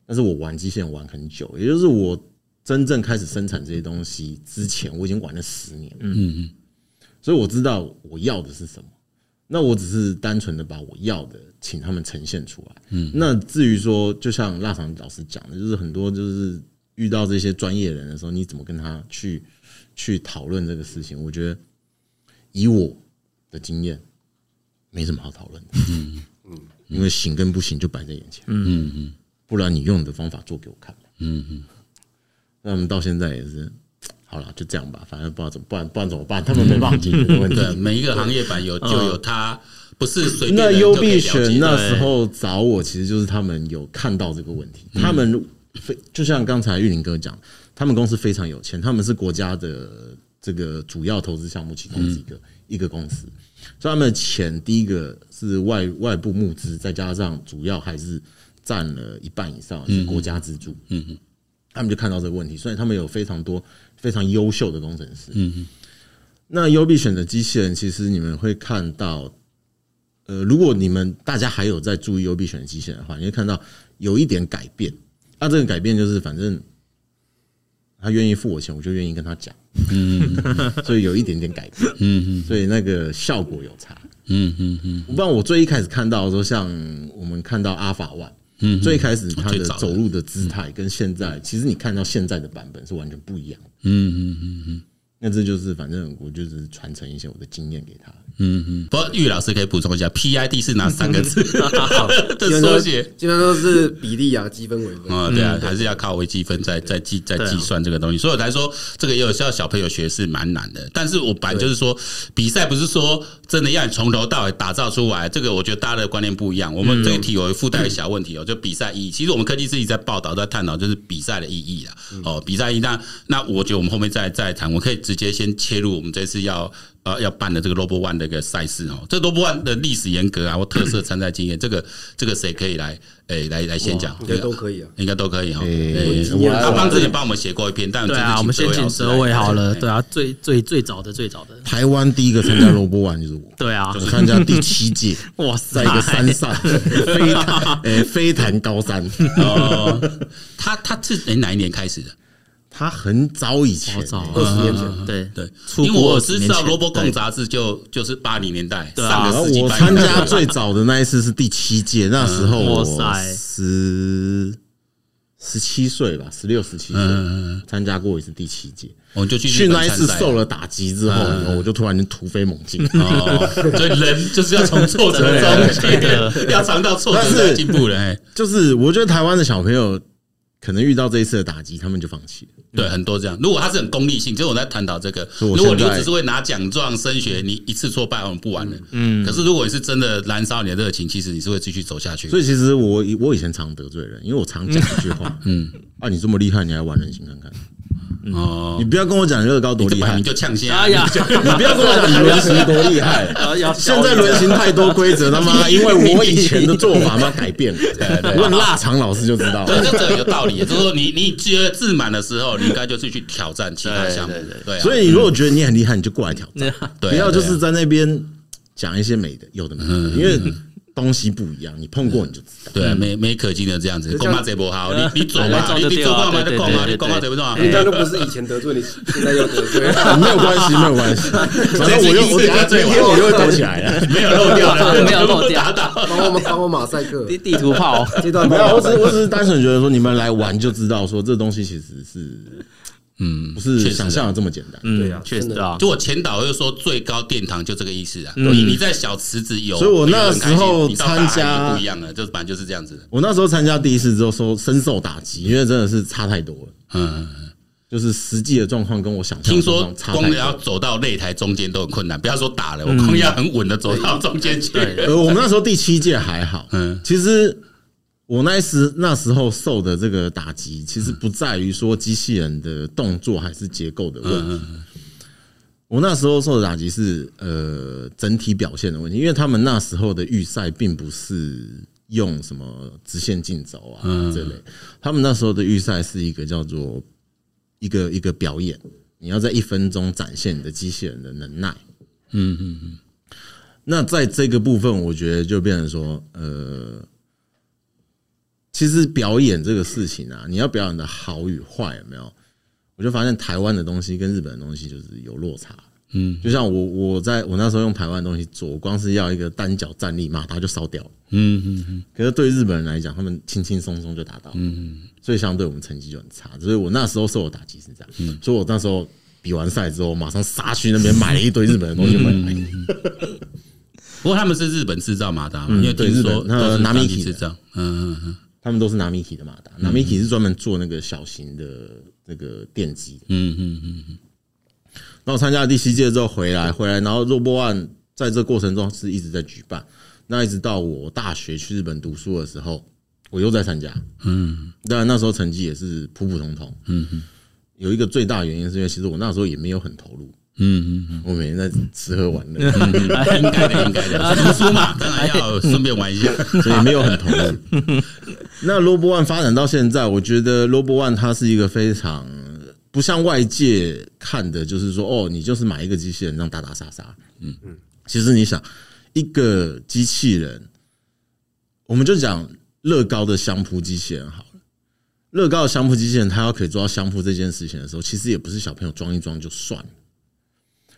但是我玩機器人玩很久，也就是我真正開始生產這些東西之前，我已經玩了十年，嗯嗯，所以我知道我要的是什麼。那我只是單純的把我要的請他們呈現出來，嗯。那至於說，就像臘腸老師講的，就是很多就是遇到這些專業人的時候，你怎麼跟他去？去討論這個事情，我覺得以我的經驗，沒什麼好討論的。嗯嗯，因為行跟不行就擺在眼前。嗯嗯，不然你用你的方法做給我看。嗯嗯，那我們到現在也是，好了，就這樣吧。反正不知道怎麼，不然不然怎麼辦？他們沒忘記對，每一個行業版有就有他，不是隨便。那優必選那時候找我，其實就是他們有看到這個問題。他們非就像剛才玉林哥講。他們公司非常有錢，他們是國家的這個主要投資項目其中幾個嗯嗯一個公司，所以他們錢第一個是外外部募資，再加上主要還是占了一半以上是國家資助。嗯嗯，嗯，嗯嗯嗯、他們就看到這個問題，所以他們有非常多非常優秀的工程師。嗯嗯，嗯，嗯、那優必選的機器人，其實你們會看到，呃，如果你們大家還有在注意優必選的機器人的話，你會看到有一點改變。那、啊、這個改變就是反正。他願意付我錢，我就願意跟他講， 所以有一點點改變，所以那個效果有差。嗯嗯嗯，不然我最一開始看到的時候，像我們看到阿法萬，嗯，最開始他的走路的姿態跟現在，其實你看到現在的版本是完全不一樣。嗯嗯嗯嗯。那這就是，反正我就是傳承一些我的經驗給他。嗯嗯。不過玉老師可以補充一下，P I D 是哪三個字？這縮寫，經常都是比例啊積分微分啊，嗯嗯、對啊，還是要靠微積分在對對對對在計在計算這個東西。所以我來說，這個也有需要小朋友學是蠻難的。但是我本來就是說，比賽不是說真的要你從頭到尾打造出來。這個我覺得大家的觀念不一樣。我們這個題有附帶個小問題哦，就比賽意義。其實我們科技自己在報道在探討，就是比賽的意義啊。哦，比賽意義那那我覺得我們後面再來再談，我可以。直接先切入我們這次要呃要辦的這個 ROBO ONE 的一個賽事哦，這 ROBO ONE 的歷史、沿革啊，或特色參賽經驗，這個這個誰可以來？哎，來來先講，應該都可以啊，應該都可以哈。哎，我他之前幫我們寫過一篇，但我們先請哲瑋好了。對啊，最最最早的最早的台灣第一個參加 ROBO ONE 就是我，對啊，參加第七屆。哇塞，一個山上飛彈，飛彈高山哦，他他是哪一年開始的？他很早以前，二十年前，對對，因為我是知道《蘿蔔貢》雜誌就就是八零年代，上個世紀，然後我參加最早的那一次是第七屆，那時候我十十七歲吧，十六十七歲，參加過一次第七屆，我就去那一次受了打擊之後，我就突然間突飛猛進啊！所以人就是要從挫折中要嘗到挫折在進步的，哎，就是我覺得台灣的小朋友可能遇到這一次的打擊，他們就放棄了。對，嗯、很多這樣。如果他是很功利性，就是我在探討這個。如果你只是會拿獎狀升學，你一次挫敗我們不玩了。嗯，可是如果你是真的燃燒你的熱情，其實你是會繼續走下去。所以其實我我以前常得罪人，因為我常講一句話，嗯，啊，你這麼厲害，你還玩人性看看。嗯、哦，你不要跟我講樂高多厲害，你，哎、呀 你就搶先。哎呀，你不要跟我講你輪行多厲害，現在輪行太多規則，他媽，因為我以前的做法，嘛，改變。對對，那臘腸老師就知道了。這就有個道理，就是說，你你覺得自滿的時候，你應該就是去挑戰其他項目。對對，所以，你如果覺得你很厲害，你就過來挑戰。對。不要就是在那邊講一些美的，有的沒的因為。東西不一樣，你碰過你就知道。對、啊，沒沒可勁的這樣子，光罵賊波好。你你走吧，你走吧，你走吧，你就光罵，你光罵賊不錯。你這不是以前得罪你，現在又得罪、啊，欸、 沒有關係，沒有關係。反正我又，我今天又躲起來了、啊，沒有漏掉，沒有漏掉。幫我，幫我，我，我馬賽克地圖炮， 這段沒有。我只，我只是單純覺得說，你們來玩就知道，說這東西其實是。嗯，不是想象的這麼簡單。嗯，對呀，確實啊。就我前導又說最高殿堂就這個意思啊。嗯，你在小池子有，所以我那時候參加不一樣了，就是反正就是這樣子。我那時候參加第一次之後，說深受打擊，因為真的是差太多了。嗯，就是實際的狀況跟我想象。聽說，光要走到擂台中間都很困難，不要說打了，我光要很穩的走到中間去。呃，我們那時候第七屆還好，嗯，其實。我那時那時候受的這個打擊，其實不在於說機器人的動作還是結構的問題。我那時候受的打擊是，呃，整體表現的問題。因為他們那時候的預賽並不是用什麼直線競走啊這類，他們那時候的預賽是一個叫做一個一個表演，你要在一分鐘展現你的機器人的能耐。嗯嗯嗯。那在這個部分，我覺得就變成說，呃。其實表演這個事情啊，你要表演的好與壞，有沒有？我就發現台灣的東西跟日本的東西就是有落差。嗯，就像我我在我那時候用台灣的東西做，光是要一個單腳站立馬達就燒掉了。嗯嗯嗯。可是對日本人來講，他們輕輕松鬆就達到。嗯嗯。所以相對我們成績就很差，所以我那時候受的打擊是這樣。嗯。所以我那時候比完賽之後，馬上殺去那邊買了一堆日本的東西回來。不過他們是日本制造馬達，嗯、因為聽說都是 Namiki 制造。嗯嗯嗯。他們都是 Namiki 的馬達，Namiki 是專門做那個小型的那個電機的。嗯嗯嗯嗯。然後參加第七屆之後回來，回來，然後 ROBO-ONE 在這過程中是一直在舉辦，那一直到我大學去日本讀書的時候，我又在參加。嗯，當然那時候成績也是普普通通。嗯嗯，有一個最大的原因是因為其實我那時候也沒有很投入。嗯嗯，嗯，嗯我每天在吃喝玩樂、嗯，嗯、應該的，嗯、應該的，讀書、嗯、嘛，當、嗯、然要順便玩一下，嗯、所以沒有很投入、嗯。那 ROBO ONE 發展到現在，我覺得 ROBO ONE 它是一個非常不像外界看的，就是說哦，你就是買一個機器人讓打打殺殺。嗯嗯，其實你想一個機器人，我們就講樂高的相撲機器人好了，樂高的相撲機器人，它要可以做到相撲這件事情的時候，其實也不是小朋友裝一裝就算了。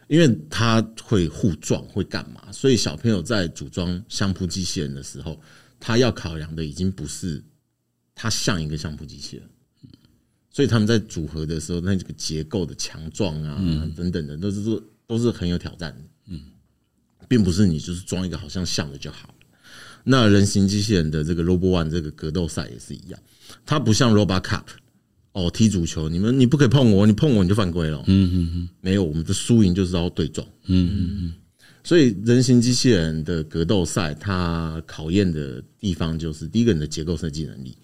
因為他會互撞，會幹嘛？所以小朋友在組裝相撲機器人的時候，他要考量的已經不是他像一個相撲機器人。所以他們在組合的時候，那這個結構的強壯啊，等等的，都是說都是很有挑戰的。嗯，並不是你就是裝一個好像像的就好。那人形機器人的這個 Robo One 這個格鬥賽也是一樣，它不像 Robo Cup。哦，踢足球，你們你不可以碰我，你碰我你就犯規了、哦。嗯嗯嗯，沒有，我們的輸贏就是要對撞。嗯嗯嗯，所以人形機器人的格鬥賽，它考驗的地方就是第一個，你的結構設計能力，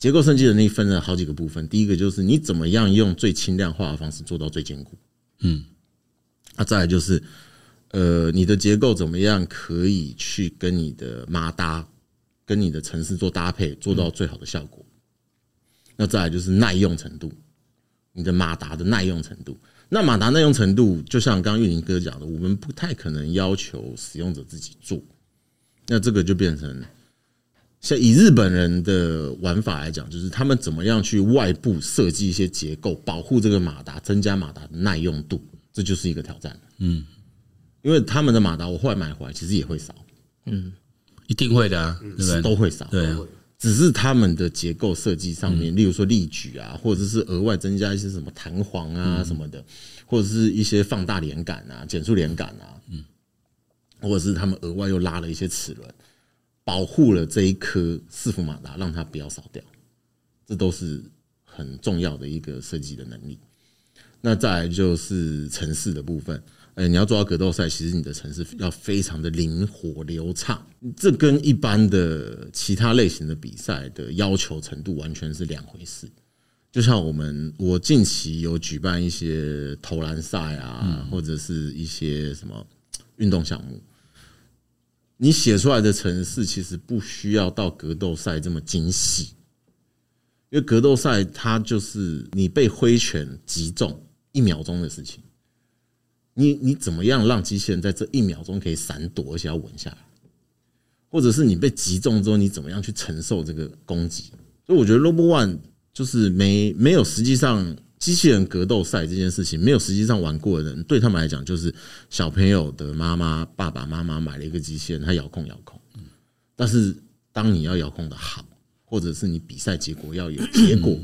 結構設計能力分了好幾個部分。第一個就是你怎麼樣用最輕量化的方式做到最堅固。嗯，那、啊、再來就是，呃，你的結構怎麼樣可以去跟你的馬達，跟你的程式做搭配，做到最好的效果。嗯那再來就是耐用程度，你的馬達的耐用程度。那馬達耐用程度，就像剛剛玉林哥講的，我們不太可能要求使用者自己做。那這個就變成像以日本人的玩法來講，就是他們怎麼樣去外部設計一些結構，保護這個馬達，增加馬達的耐用度，這就是一個挑戰。嗯，因為他們的馬達，我後來買回來其實也會少。嗯，一定會的、啊，嗯、是都會少，嗯、對、啊。只是他們的結構設計上面，例如說力矩啊，或者是額外增加一些什麼彈簧啊什麼的，或者是一些放大連桿啊、減速連桿啊，嗯，或者是他們額外又拉了一些齒輪，保護了這一顆伺服馬達，讓它不要燒掉，這都是很重要的一個設計的能力。那再來就是程式的部分。欸、你要做到格鬥賽，其實你的程式要非常的靈活流暢，這跟一般的其他類型的比賽的要求程度完全是兩回事。就像我們，我近期有舉辦一些投籃賽啊，或者是一些什麼運動項目，你寫出來的程式其實不需要到格鬥賽這麼精細，因為格鬥賽它就是你被揮拳擊中一秒鐘的事情。你你怎麼樣讓機器人在這一秒鐘可以閃躲，而且要穩下來？或者是你被擊中之後，你怎麼樣去承受這個攻擊？所以我覺得 Robo One 就是沒沒有實際上機器人格鬥賽這件事情，沒有實際上玩過的人，對他們來講就是小朋友的媽媽爸爸媽媽買了一個機器人，他遙控遙控。但是當你要遙控的好，或者是你比賽結果要有結果，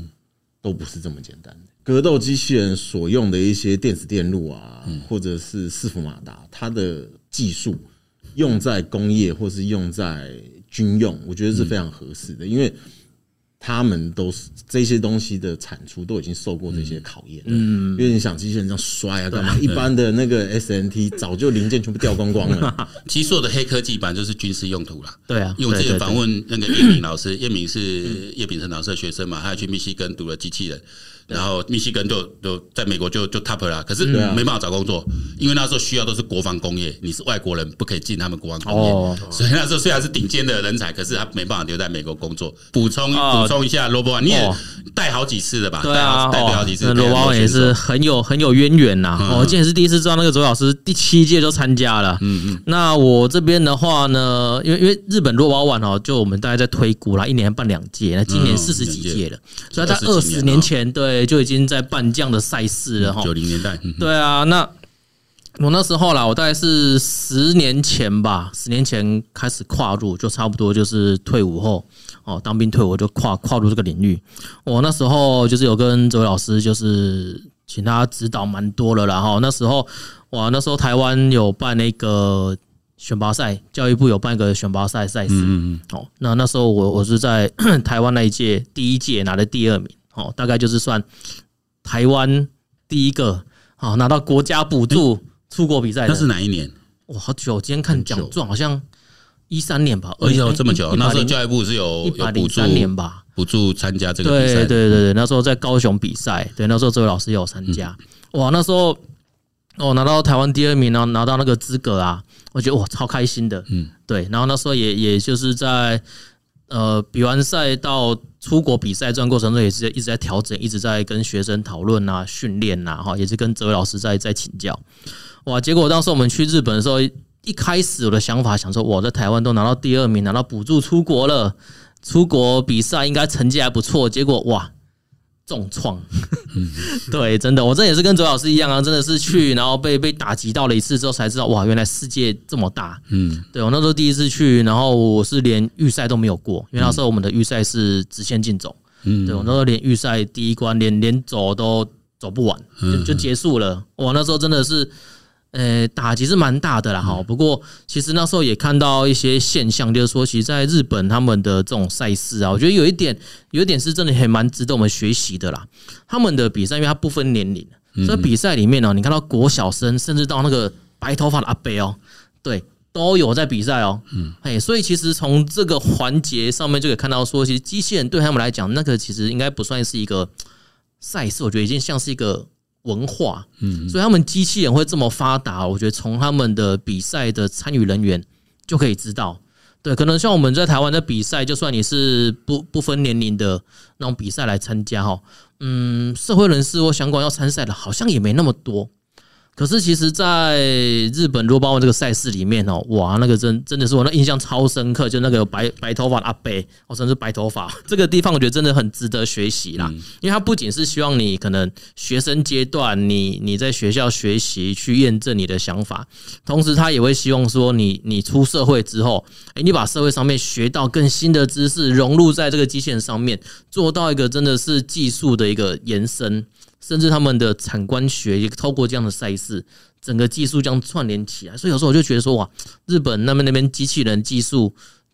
都不是這麼簡單。嗯嗯格鬥機器人所用的一些電子電路啊，或者是伺服馬達，它的技術用在工業或是用在軍用，我覺得是非常合適的，因為他們都是這些東西的產出都已經受過這些考驗。嗯，因為你想機器人這樣摔啊幹嘛？一般的那個 SNT 早就零件全部掉光光了。其實所有的黑科技本來就是軍事用途啦。對啊，對對對。因為我之前訪問那個葉明老師，葉明 是葉炳成老師的學生嘛，他還去密西根讀了機器人。然後密西根就就在美國就就 top 啦，可是沒辦法找工作，因為那時候需要都是國防工業，你是外國人不可以進他們國防工業，所以那時候雖然是頂尖的人才，可是他沒辦法留在美國工作。補充補充一下，ROBO-ONE，你也帶好幾次的吧？帶帶好幾次，ROBO-ONE 也是很有很有淵源吶。我今天是第一次知道那個周老師第七屆就參加了。嗯嗯。那我這邊的話呢，因為因為日本 ROBO-ONE 哦，就我們大概在推估啦，一年辦兩屆，那今年四十幾屆了，所以在二十年前對。就已經在辦這樣的賽事了齁，九零年代對啊，那我那時候啦，我大概是十年前吧，十年前開始跨入，就差不多就是退伍後哦，當兵退伍就跨跨入這個領域。我那時候就是有跟哲瑋老師，就是請他指導蠻多了啦，然後那時候哇，那時候台灣有辦那個選拔賽，教育部有辦一個選拔賽賽事，嗯嗯哦，那那時候我我是在台灣那一屆第一屆拿了第二名，大概就是算台灣第一個拿到國家補助出國比賽。那是哪一年？哇，好久！我今天看獎狀，很久好像一三年吧。而且要這麼久，那時候教育部是有補助，一三年吧，補助參加這個比賽。對對對對，那時候在高雄比賽。對，那時候這位老師也有參加。嗯、哇，那時候我、哦、拿到台灣第二名，然後拿到那個資格啊，我覺得哇，超開心的。嗯，對。然後那時候也也就是在。呃，比完賽到出國比賽，這段過程中也是一直在調整，一直在跟學生討論啊，訓練吶，哈，也是跟哲瑋老師在在請教。哇，結果當時我們去日本的時候，一開始我的想法想說，我在台灣都拿到第二名，拿到補助出國了，出國比賽應該成績還不錯。結果哇。重創， 對，真的，我這也是跟左老師一樣啊，真的是去，然後被被打擊到了一次之後，才知道哇，原來世界這麼大，嗯，對，我那時候第一次去，然後我是連預賽都沒有過，因為那時候我們的預賽是直線競走，嗯，對，我那時候連預賽第一關，連連走都走不完，就就結束了，我、嗯嗯、那時候真的是。呃，打擊是蠻大的啦，哈。不過其實那時候也看到一些現象，就是說，其實在日本他們的這種賽事啊，我覺得有一點，有一點是真的還蠻值得我們學習的啦。他們的比賽，因為它不分年齡，所以在比賽裡面呢、啊，你看到國小生，甚至到那個白頭髮的阿伯哦，對，都有在比賽哦。嗯，嘿，所以其實從這個環節上面就可以看到，說其實機器人對他們來講，那個其實應該不算是一個賽事，我覺得已經像是一個。文化，嗯，所以他們機器人會這麼發達，我覺得從他們的比賽的參與人員就可以知道，對，可能像我們在台灣的比賽，就算你是不不分年齡的那種比賽來參加哈，嗯，社會人士或相關要參賽的，好像也沒那麼多。可是其實，在日本 ROBO-ONE 這個賽事裡面哦，哇，那個真真的是我那印象超深刻，就那個白白頭髮的阿伯，我真是白頭髮這個地方，我覺得真的很值得學習啦。因為他不僅是希望你可能學生階段，你你在學校學習去驗證你的想法，同時他也會希望說，你你出社會之後，誒，你把社會上面學到更新的知識融入在這個機械上面，做到一個真的是技術的一個延伸。甚至他們的產官學也透過這樣的賽事，整個技術將串聯起來，所以有時候我就覺得說，哇，日本那邊那邊機器人技術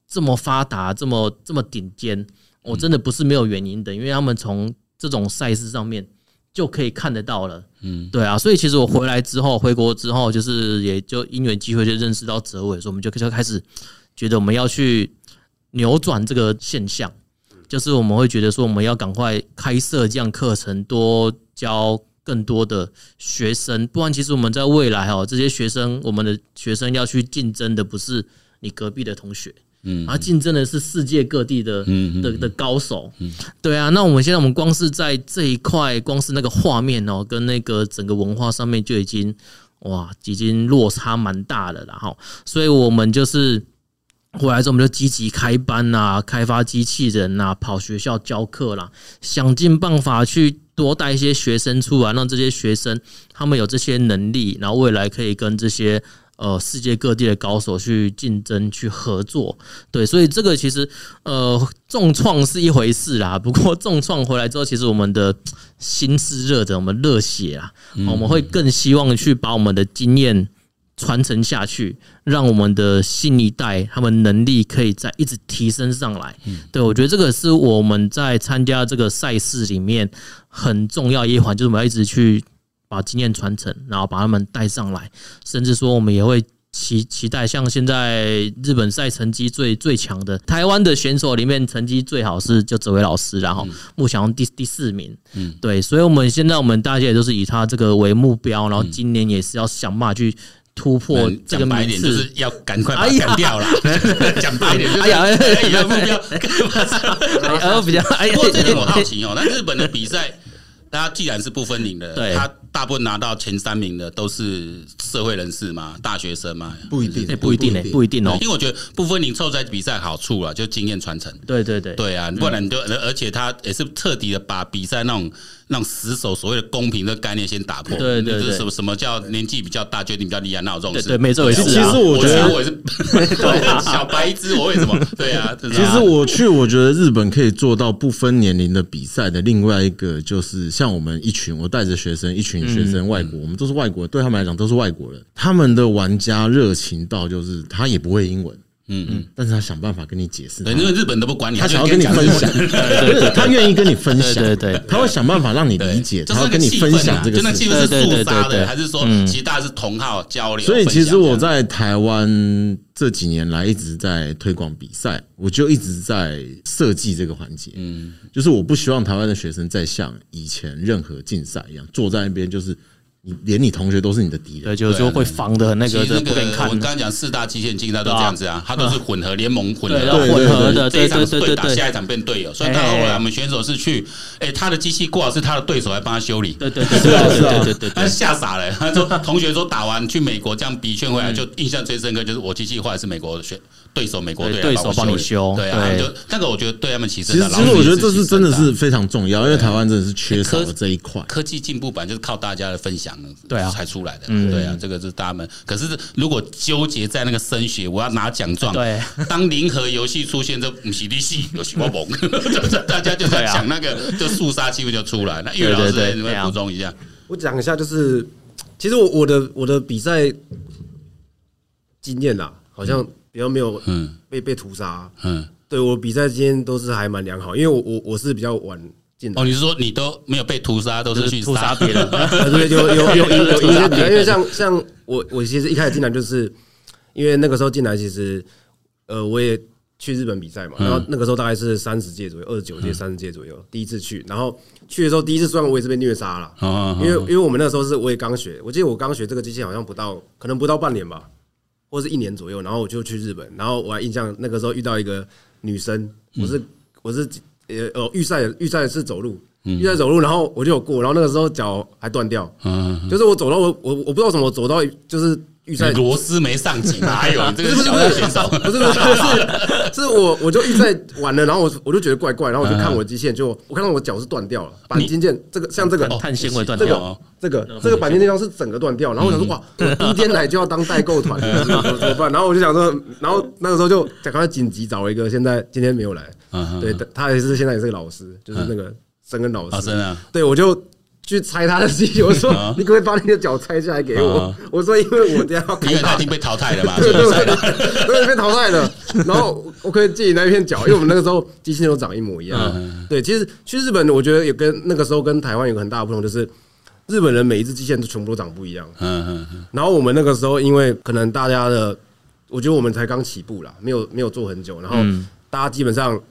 這麼發達，這麼這麼頂尖，我真的不是沒有原因的，嗯、因為他們從這種賽事上面就可以看得到了。嗯，對啊，所以其實我回來之後，嗯、回國之後，就是也就因緣機會就認識到哲瑋，所以我們就就開始覺得我們要去扭轉這個現象，就是我們會覺得說，我們要趕快開設這樣課程，多。教更多的學生，不然其實我們在未來哦，這些學生，我們的學生要去競爭的不是你隔壁的同學，嗯，而競爭的是世界各地的、的的高手，對啊，那我們現在我們光是在這一塊，光是那個畫面哦，跟那個整個文化上面就已經哇，已經落差蠻大的了哈，所以我們就是。回來之後，我們就積極開班啊，開發機器人啊，跑學校教課啦。想盡辦法去多帶一些學生出來，讓這些學生他們有這些能力，然後未來可以跟這些呃世界各地的高手去競爭、去合作。對，所以這個其實呃重創是一回事啦，不過重創回來之後，其實我們的心是熱的，我們熱血啊，嗯嗯我們會更希望去把我們的經驗。傳承下去，讓我們的新一代他們能力可以再一直提升上來。嗯、對，我覺得這個是我們在參加這個賽事裡面很重要一環，就是我們要一直去把經驗傳承，然後把他們帶上來。甚至說，我們也會期期待像現在日本賽成績最最強的台灣的選手裡面成績最好是就哲瑋老師，然後目前第，嗯，第四名。嗯，對，所以我們現在我們大家也都是以他這個為目標，然後今年也是要想辦法去。突破，講白一點就是要趕快把它幹掉了。講白一點，哎呀，目標，然後比較。不過這點我好，好奇哦，那日本的比賽，他既然是不分齡的，它。大部分拿到前三名的都是社會人士嘛，大學生嘛，不一定，不一定不一定哦。因為我覺得不分年齡湊在比賽好處啊，就經驗傳承。對對對，對啊，不然你就而且他也是徹底的把比賽那種那種死守所謂的公平的概念先打破。對對對，什麼什麼叫年紀比較大決定比較厲害那種？對對，沒錯沒錯。其實我覺得我也是小白痴，我為什麼？對啊，其實我去，我覺得日本可以做到不分年齡的比賽的另外一個就是像我們一群，我帶着學生一群。學生，外國，我們都是外國人，對他們來講都是外國人。他們的玩家熱情到，就是他也不會英文。嗯嗯，但是他想辦法跟你解釋，因為日本都不管你，他想要跟你分享，不是他願意跟你分享，對對對，他會想辦法讓你理解，然後、就是、跟你分享這個，事情。真的氣氛是對對。肅殺的，還是說其他是同好交流？所以其實我在台灣這幾年來一直在推廣比賽，嗯、我就一直在設計這個環節，嗯，就是我不希望台灣的學生再像以前任何競賽一樣坐在那邊就是。你連你同學都是你的敵人，對、啊，就是說會防的那個。個我剛才講四大機器人競賽都這樣子啊，他都是混合聯盟混合，嗯、混合的。這一場是對對對對。打下一場變隊友，所以後來我們選手是去、欸，他的機器掛是他的對手來幫他修理。對對對對對對對，對。 他嚇傻了、欸，他說同學說打完去美國這樣比圈回來，就印象最深刻就是我機器壞了是美國的選對手，美國隊，對手幫你修，對啊，就那個，我覺得對他們其實其實我覺得這是真的是非常重要，因為台灣真的是缺少了這一塊。科技進步本就是靠大家的分享，對啊，才出來的。對啊，這個是他們。可是如果糾結在那個升學，我要拿獎狀，對，當零和遊戲出現，就不是你死，就是我亡，就是大家就在講那個，就肅殺氣氛就出來了。葉老師，你們補充一下。我講一下，就是其實我我的我的比賽經驗吶，好像。比較沒有，嗯，被被屠殺、啊，嗯，對我比賽經驗都是還蠻良好，因為我我我是比較晚進的哦。你是說你都沒有被屠殺，都是去屠殺別人？對，有有有有有一些，因為像像我我其實一開始進來就是，因為那個時候進來其實，呃，我也去日本比賽嘛，然後那個時候大概是三十屆左右，二十九屆三十屆左右，嗯、第一次去，然後去的時候第一次算我也是被虐殺了，啊，哦哦哦、因為因為我們那時候是我也剛學，我記得我剛學這個機器好像不到，可能不到半年吧。或者是一年左右，然後我就去日本，然後我還印象那個時候遇到一個女生，我是，嗯、我是呃呃，預賽預賽是走路，嗯、預賽走路，然後我就有過，然後那個時候腳還斷掉，嗯、嗯，就是我走到我我我不知道怎麼走到就是。預賽螺絲沒上緊。啊，哪有、 哎？你這個是不是不是不是不是，是，是我我就預賽完了，然後我我就覺得怪怪，然後我就看我基線， 就我看到我腳是斷掉了，鈑金件，你 這個像這個、哦、碳纖維斷掉、哦這個，這個這個鈑金件端是整個斷掉，然後我想說哇，我第一天來就要當代購團，怎麼辦？然後我就想說，然後那個時候就趕快緊急找一個，現在今天沒有來， 對，他也是現在也是個老師，就是那個生根老師 對，我就。去拆他的機器，我說：“ oh. 你可不可以把你的腳拆下來給我？” oh. 我說：“因為我要……”因為他已經被，被淘汰了嘛，所以被淘汰了。然後我可以借你那一片腳，因為我們那個時候機器都長一模一樣。對，其實去日本，我覺得也跟那個時候跟台灣有個很大的不同，就是日本人每一只機器都全部都長不一樣。嗯嗯嗯。然後我們那個時候，因為可能大家的，我覺得我們才剛起步啦，沒有沒有做很久，然後大家基本上。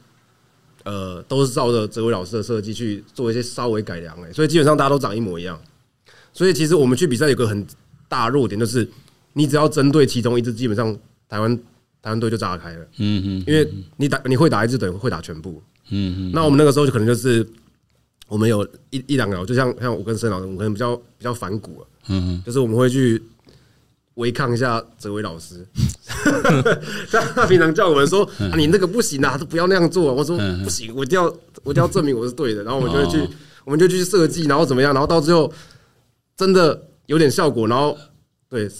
呃，都是照着哲瑋老師的設計去做一些稍微改良的、欸，所以基本上大家都長一模一樣。所以其實我們去比賽有個很大弱點，就是你只要針對其中一支，基本上台灣台灣隊就炸開了。嗯,嗯,嗯,嗯因為你打你會打一支，等於會打全部。嗯,嗯,嗯那我們那個時候就可能就是我們有一一兩個，就像像我跟申老師，我們可能比較比較反骨嗯,嗯就是我們會去。違抗一下哲瑋老師，他 他平常叫我們說，啊，你那個不行啊，都不要那樣做，啊。我說不行，我一定要我一定要證明我是對的。然後我們就會去，我們就去設計，然後怎麼樣？然後到最後真的有點效果。然後對，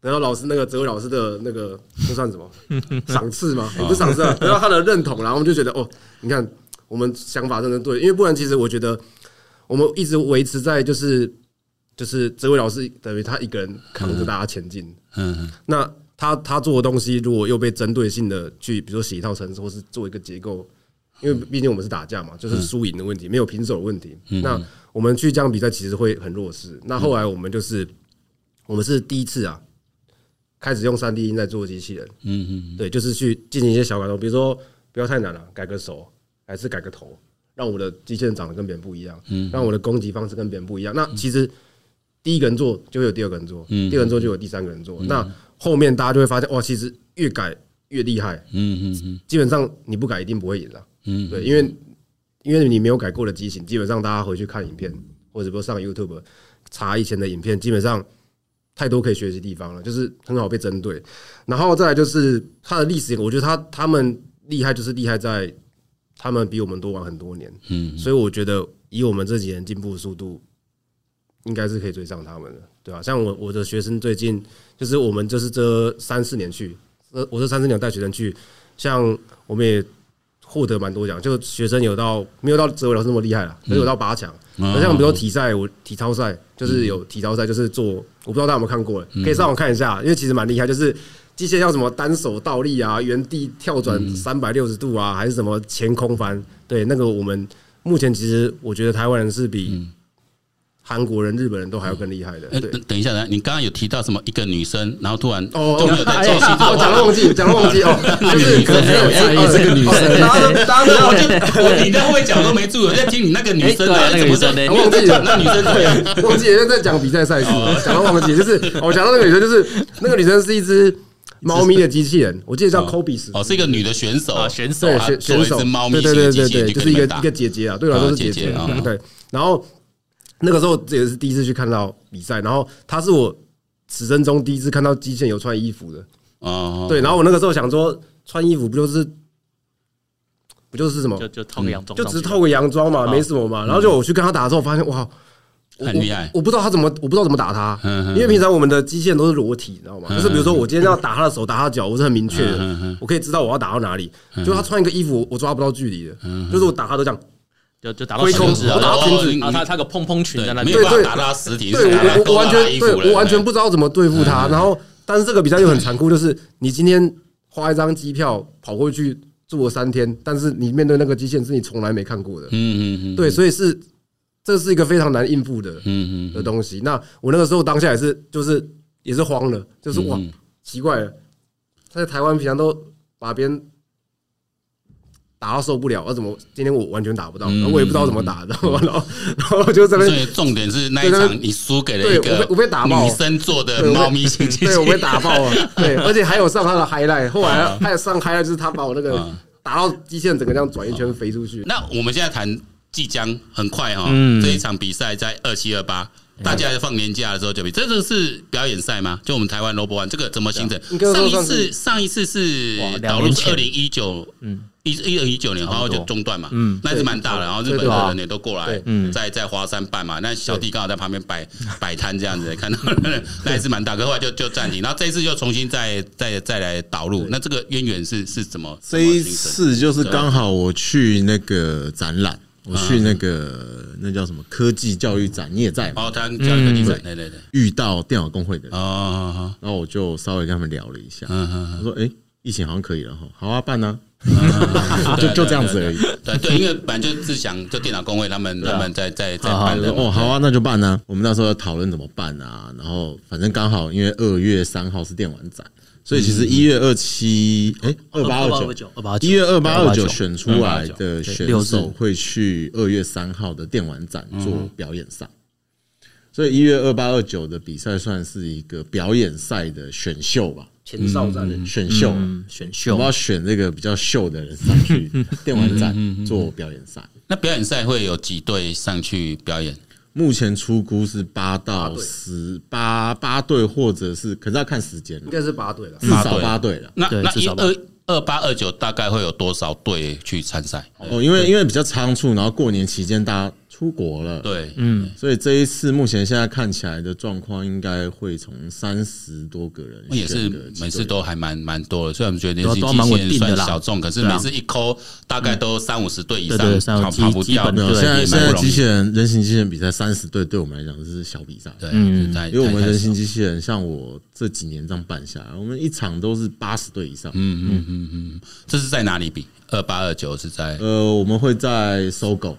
然後老師那個哲瑋老師的那個，這算什麼賞賜嗎？也不是賞賜，得到他的認同，然後我們就覺得哦，你看我們想法真的對，因為不然其實我覺得我們一直維持在就是。就是這位老師等於他一個人扛着大家前進。嗯，那他他做的東西如果又被針對性的去，比如說寫一套程式，或是做一個結構，因為畢竟我們是打架嘛，就是輸贏的問題，沒有平手的問題。那我們去這樣比賽其實會很弱勢。那後來我們就是我們是第一次啊，開始用三 D 音在做機器人。嗯，對，就是去進行一些小改動，比如說不要太難了、啊，改個手還是改個頭，讓我的機器人長得跟別人不一樣，讓我的攻擊方式跟別人不一樣。那其實。第一個人做，就會有第二個人做，嗯、第二個人做，就有第三個人做。嗯、那後面大家就會發現，哇，其實越改越厲害。嗯嗯嗯。嗯嗯基本上你不改一定不會贏了。嗯。對，因為因為你沒有改過的機型，基本上大家回去看影片，或者說上 YouTube 查以前的影片，基本上太多可以學習地方了，就是很好被針對。然後再來就是他的歷史，我覺得他他們厲害，就是厲害在他們比我們多玩很多年。嗯。所以我覺得，以我們這幾年進步的速度。應該是可以追上他們的，對吧？像我我的學生最近，就是我們就是這三四年去，我這三四年帶學生去，像我們也獲得蠻多獎，就學生有到沒有到哲瑋老師那麼厲害了，都有到八強。那像比如說體賽，我體操賽就是有體操賽，就是做我不知道大家有沒有看過，可以上網看一下，因為其實蠻厲害，就是機械像什麼單手倒立啊，原地跳轉三百六十度啊，還是什麼前空翻？對，那個我們目前其實我覺得台灣人是比。韓國人、日本人都還要更厲害的。等等一下，來，你剛剛有提到什麼一個女生，然後突然哦，講到忘記，講到忘記哦，是個女生，哦。個女生，然後然後我就我你在後面講都沒住，我在聽你那個女生啊，怎麼講呢？我自己那女生，忘記了，在講比賽賽事，講到忘記，就是我講到那個女生，就是那個女生是一隻貓咪的機器人，我記得叫 Kobis 哦，是一個女的選手啊，選手，選手，貓咪機器人，對對對對，就是一個一個姐姐啊，對，都是姐姐啊，對，然後。那個時候也是第一次去看到比賽，然後他是我此生中第一次看到機器人有穿衣服的，哦哦、對，然後我那個時候想說，穿衣服不就是不就是什麼就就套個洋裝，嗯，就只是套個洋裝嘛，吧沒什麼嘛。然後就我去跟他打的時候發現哇，我很厲害我！我不知道他怎麼，我不知道怎麼打他，因為平常我們的機器人都是裸體，你知道嗎？就是比如說我今天要打他的手，打他腳，我是很明確的，嗯嗯嗯嗯，我可以知道我要打到哪裡。就他穿一個衣服，我抓不到距離的，就是我打他都這樣。就就打到裙子，我打到裙子，然後他的個蓬蓬裙在那，沒有辦法打到實體。對我完全對我完全不知道怎麼對付他。然後，但是這個比賽又很殘酷，就是你今天花一張機票跑過去住了三天，但是你面對那個機械是你從來沒看過的。對，所以是這是一個非常難應付的的東西。那我那個時候當下也是就是也是慌了，就是哇，奇怪了，他在台灣平常都把別人。打到受不了，我怎麼今天我完全打不到？嗯、然後我也不知道怎麼打，的。然後然後就在那，所以重點是那一場你輸給了一個女生做，我被打爆，的貓咪型，對我被打爆了。對，而且還有上他的 highlight，後來還有上 highlight，就是他把我那個打到機器人整個這樣轉一圈飛出去。嗯、那我們現在談即將很快哈、哦，這一場比賽在二七二八，大家放年假的時候就比，這就是表演賽嗎？就我們台灣 ROBO-ONE TAIWAN 這個怎麼形成？上一次上一次是導入二零一九，嗯。一一二一九年，然後就中斷嘛，嗯不那還是蠻大的。然後日本的人也都過來在、啊在，在在華山辦嘛。那小弟剛好在旁邊擺擺攤這樣子， 對 看到人人那還是蠻大。後來就就暫停，然後這一次又重新再再再來導入。對 那這個淵源是是什麼？什麼這一次就是剛好我去那個展覽，對 我去那個那叫什麼科技教育展，你也在擺攤教育科技展，那那那遇到電腦公會的人啊，哦、好好然後我就稍微跟他們聊了一下，他、嗯、說哎。欸疫情好像可以了哈，好啊，辦呢、啊，就就這樣子而已。對對，對對，因為本來就是想，就電腦公會他們、啊、他們在在在辦好好對 哦，好啊，那就辦呢、啊。對 我們那時候要討論怎麼辦啊，然後反正剛好因為二月三號是電玩展，所以其實一月二七哎二八二九二一月二八二九選出來的選手會去二月三號的電玩展做表演賽。嗯所以一月二八二九的比賽算是一個表演賽的選秀吧，前哨戰的選秀、啊，選秀我、啊、要選，選那個比較秀的人上去。電玩站做表演賽，那表演賽會有幾隊上去表演？目前初估是八到十八八隊，或者是可是要看時間了，應該是八隊了，至少八隊了。那那一二二八二九大概會有多少隊去參賽？哦，因為因為比較倉促，然後過年期間大家。出國了，對，嗯，所以這一次目前現在看起來的狀況，應該會從三十多個人，也是每次都還蠻蠻多的。雖然我們覺得人形機器人算小眾，可是每次一扣，大概都三五十對以上，跑跑不掉。現在現在機器人人形機器人比賽三十對，對我們來講就是小比賽，對，因為我們人形機器人像我。這幾年這樣辦下來，我們一場都是八十隊以上。嗯嗯嗯嗯這是在哪裡比？二八二九是在呃，我們會在 SOGO，SOGO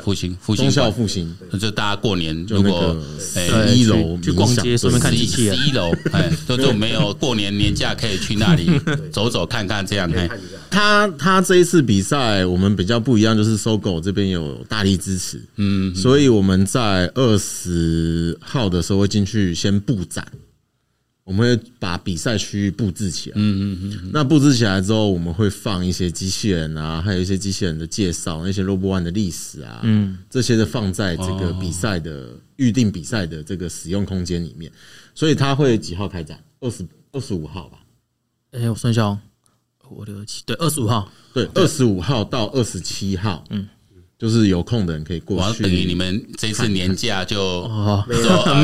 復興復興，忠孝復興。那就大家過年如果哎一樓去逛街順便看機器人，一樓哎就就沒有過年年假可以去那裡走走看看這樣。他他這一次比賽我們比較不一樣，就是 SOGO 這邊有大力支持。嗯，所以我們在二十號的時候會進去先布展。我們會把比賽區域布置起來，嗯嗯那布置起來之後，我們會放一些機器人啊，還有一些機器人的介紹，那些 ROBO-ONE 的歷史啊，嗯，這些都放在這個比賽的預定比賽的這個使用空間裡面。所以它會幾號開展？二十二十五號吧？哎，我生肖，我六七，對，二十五號，對，二十五號到二十七號，嗯。就是有空的人可以過去。等於你們這次年假就沒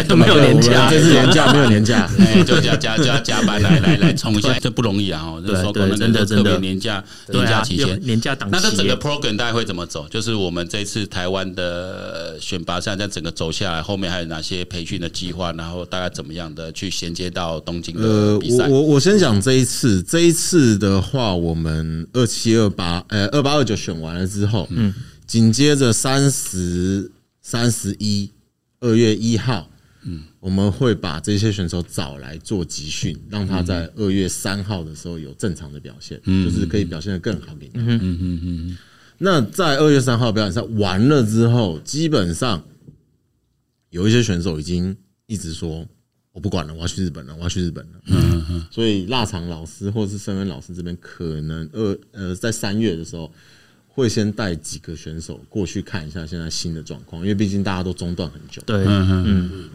有沒有年假，這次年假沒有年假，就加加加班來來來衝一下，這不容易啊！就說可能真的特別年假年假期間，年假檔期。那這整個 program 大概會怎麼走？就是我們這次台灣的選拔賽在整個走下來，後面還有哪些培訓的計劃？然後大概怎麼樣的去銜接到東京的？呃，我我我先講這一次，這一次的話，我們二七二八，呃，二八二九選完了之後，嗯。緊接着三十三十一二月一號，我們會把這些選手找來做集訓，讓他在二月三號的時候有正常的表現，就是可以表現得更好。嗯嗯嗯嗯。那在二月三號表演賽完了之後，基本上有一些選手已經一直說：“我不管了，我要去日本了，我要去日本了。”所以，臘腸老師或是聖恩老師這邊可能二呃，在三月的時候。會先帶幾個選手過去看一下現在新的狀況，因為畢竟大家都中斷很久。對，嗯嗯嗯。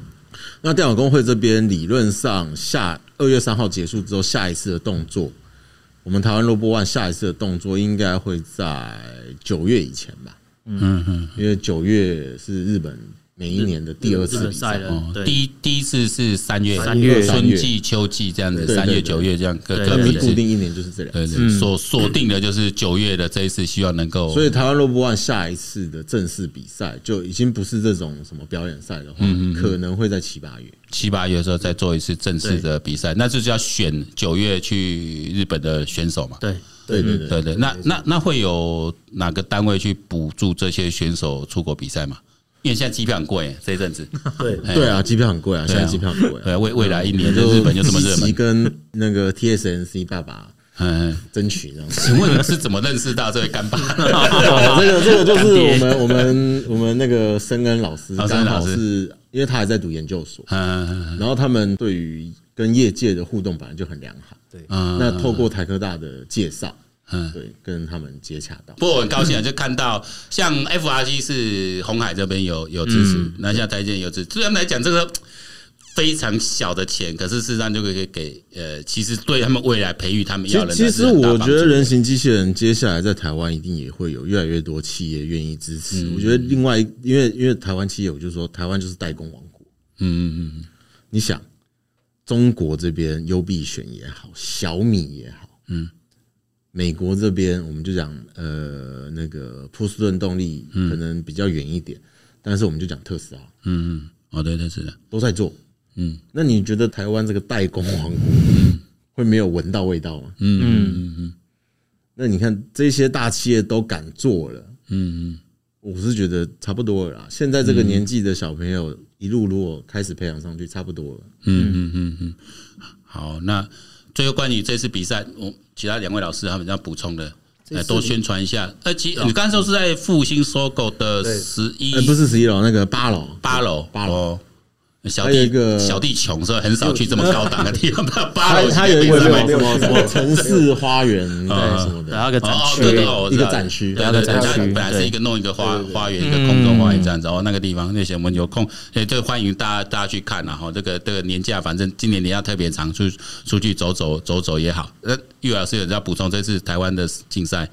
那電腦公會這邊理論上下二月三號結束之後，下一次的動作，我們台灣 ROBO-ONE 下一次的動作應該會在九月以前吧？嗯嗯，因為九月是日本。每一年的第二次比賽，嗯、哦，第一第一次是三月、<對 >3 月、春季、秋季這樣子，三月九月這樣各固定一年就是這兩，對對，鎖鎖定的就是九月的這一次，希望能夠。所以台灣 ROBO-ONE 下一次的正式比賽就已經不是這種什麼表演賽的話，對對對對可能會在七八月，七八月的時候再做一次正式的比賽，那就是要選九月去日本的選手嘛。對對對對對，那那那會有哪個單位去補助這些選手出國比賽嗎？因為現在機票很貴，這一陣子。對對啊，機票很貴啊，現在機票很貴、啊。對，啊對啊，未未來一年日本就這麼熱門，那集集跟那個 TSMC 爸爸， 唉唉爭取這樣。請問你們是怎麼認識到這位乾爸？ 這個這個就是我們我們我們那個申恩老師，森恩老師，因為他還在讀研究所，然後他們對於跟業界的互動本來就很良好，對，那透過台科大的介紹。嗯，啊、對，跟他們接洽到。不過我很高興啊，嗯、就看到像 FRC 是鴻海這邊有有支持，南、嗯、下台建有支持。雖然來講這個非常小的錢，可是事實上就可以給呃，其實對他們未來培育他們要人其實，其實我覺得人形機器人接下來在台灣一定也會有越來越多企業願意支持。嗯、我覺得另外因為因為台灣企業，我就是說台灣就是代工王國。嗯嗯嗯，你想中國這邊優必選也好，小米也好，嗯。美國這邊我們就講，呃，那個波士頓動力可能比較遠一點，嗯、但是我們就講特斯拉，嗯嗯，好、嗯哦、的，對，是的，都在做，嗯，那你覺得台灣這個代工王國會沒有聞到味道嗎？嗯嗯嗯，那你看這些大企業都敢做了，嗯嗯，嗯我是覺得差不多了啦，嗯、現在這個年紀的小朋友一路如果開始培養上去，差不多了，嗯嗯嗯嗯，嗯好，那。最後關於這次比賽，我其他兩位老師他們要補充的，來多宣傳一下。你剛才說是在復興 SOGO 的十一，不是十一樓，那個八樓，八樓，八樓。小弟小弟窮，所以很少去這麼高檔的地方。他方他有一個有什麼什麼,什麼,什麼城市花園沒什麼的，然後個展區，一個展區、哦，對哦啊、一個展區。本來是一個弄一個花對對對對花園，一個空中花園這樣子。然後那個地方，那些我們有空，就歡迎大家大家去看然、啊、後這個這個年假，反正今年年假特別長，出出去走走走走也好。呃，玉老師有要補充這次台灣的競賽？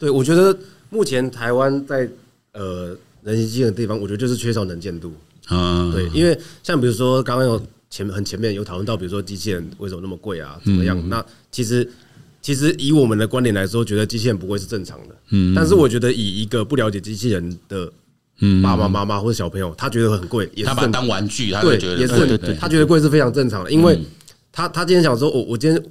對，我覺得目前台灣在呃人型機的地方，我覺得就是缺少能見度。嗯、對，因為像比如說剛剛有前很前面有討論到，比如說機器人為什麼那麼貴啊？怎麼樣？嗯、那其實其實以我們的觀點來說，覺得機器人不貴是正常的。嗯，但是我覺得以一個不了解機器人的爸爸媽媽或者小朋友，他覺得很貴，也是他把他當玩具他覺得，對，也是他覺得貴是非常正常的，因為他他今天想說，我、哦、我今天。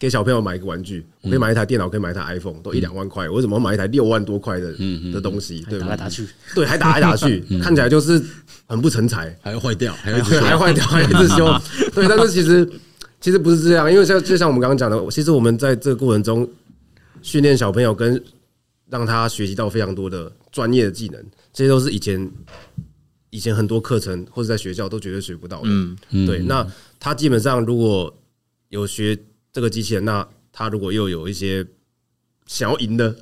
給小朋友買一個玩具，我可以買一台電腦，可以買一台 iPhone，都一兩萬塊。我怎麼買一台六萬多塊的、嗯嗯、的東西？對，打來打去，對，嗯、對，還打來打去， 嗯、看起來就是很不成材，還要壞掉，對，還壞掉，還是希望。 對，但是其實其實不是這樣，因為像就像我們剛剛講的，其實我們在這個過程中訓練小朋友，跟讓他學習到非常多的專業的技能，這些都是以前以前很多課程或者在學校都絕對學不到的。嗯，嗯對。那他基本上如果有學。這個機器人，那他如果又有一些想要贏的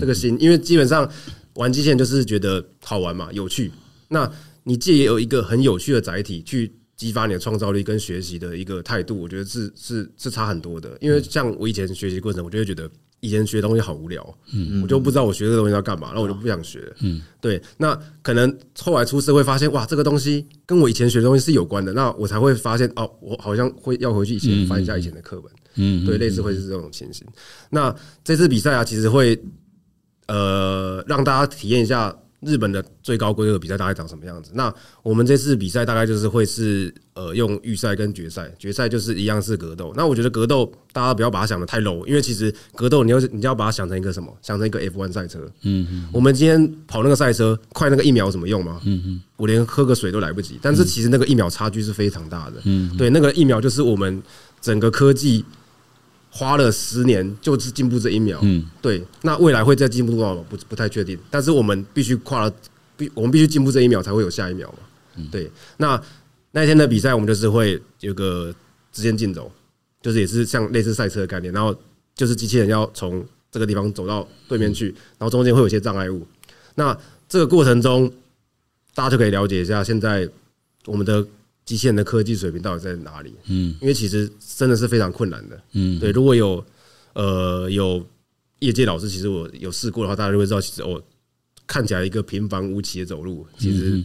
這個心，因為基本上玩機器人就是覺得好玩嘛，有趣。那你藉由一個很有趣的載體去激發你的創造力跟學習的一個態度，我覺得是是是差很多的。因為像我以前學習過程，我就會覺得以前學的東西好無聊，嗯，我就不知道我學這個東西要幹嘛，那我就不想學。嗯，對。那可能後來出社會會發現，哇，這個東西跟我以前學的東西是有關的，那我才會發現哦、喔，我好像會要回去以前翻一下以前的課本。嗯，對，類似會是這種情形。那這次比賽啊，其實會呃讓大家體驗一下日本的最高規格比賽大概長什麼樣子。那我們這次比賽大概就是會是呃用預賽跟決賽，決賽就是一樣是格鬥。那我覺得格鬥大家不要把它想得太 low，因為其實格鬥你要你要把它想成一個什麼？想成一個 F1 賽車。嗯嗯。我們今天跑那個賽車快那個一秒有什麼用嗎？嗯嗯。我連喝個水都來不及，但是其實那個一秒差距是非常大的。嗯，對，那個一秒就是我們整個科技。花了十年就是進步這一秒，嗯，對，那未來會再進步多少？不不太確定，但是我們必須跨了，必我們必須進步這一秒才會有下一秒嘛，對，那那天的比賽我們就是會有個直線競走，就是也是像類似賽車的概念，然後就是機器人要從這個地方走到對面去，然後中間會有些障礙物，那這個過程中大家就可以了解一下現在我們的。極限的科技水平到底在哪裡？嗯，因為其實真的是非常困難的。嗯，嗯，對，如果有呃有業界老師，其實我有試過的話，大家就會知道，其實我、哦、看起來一個平凡無奇的走路，其實嗯嗯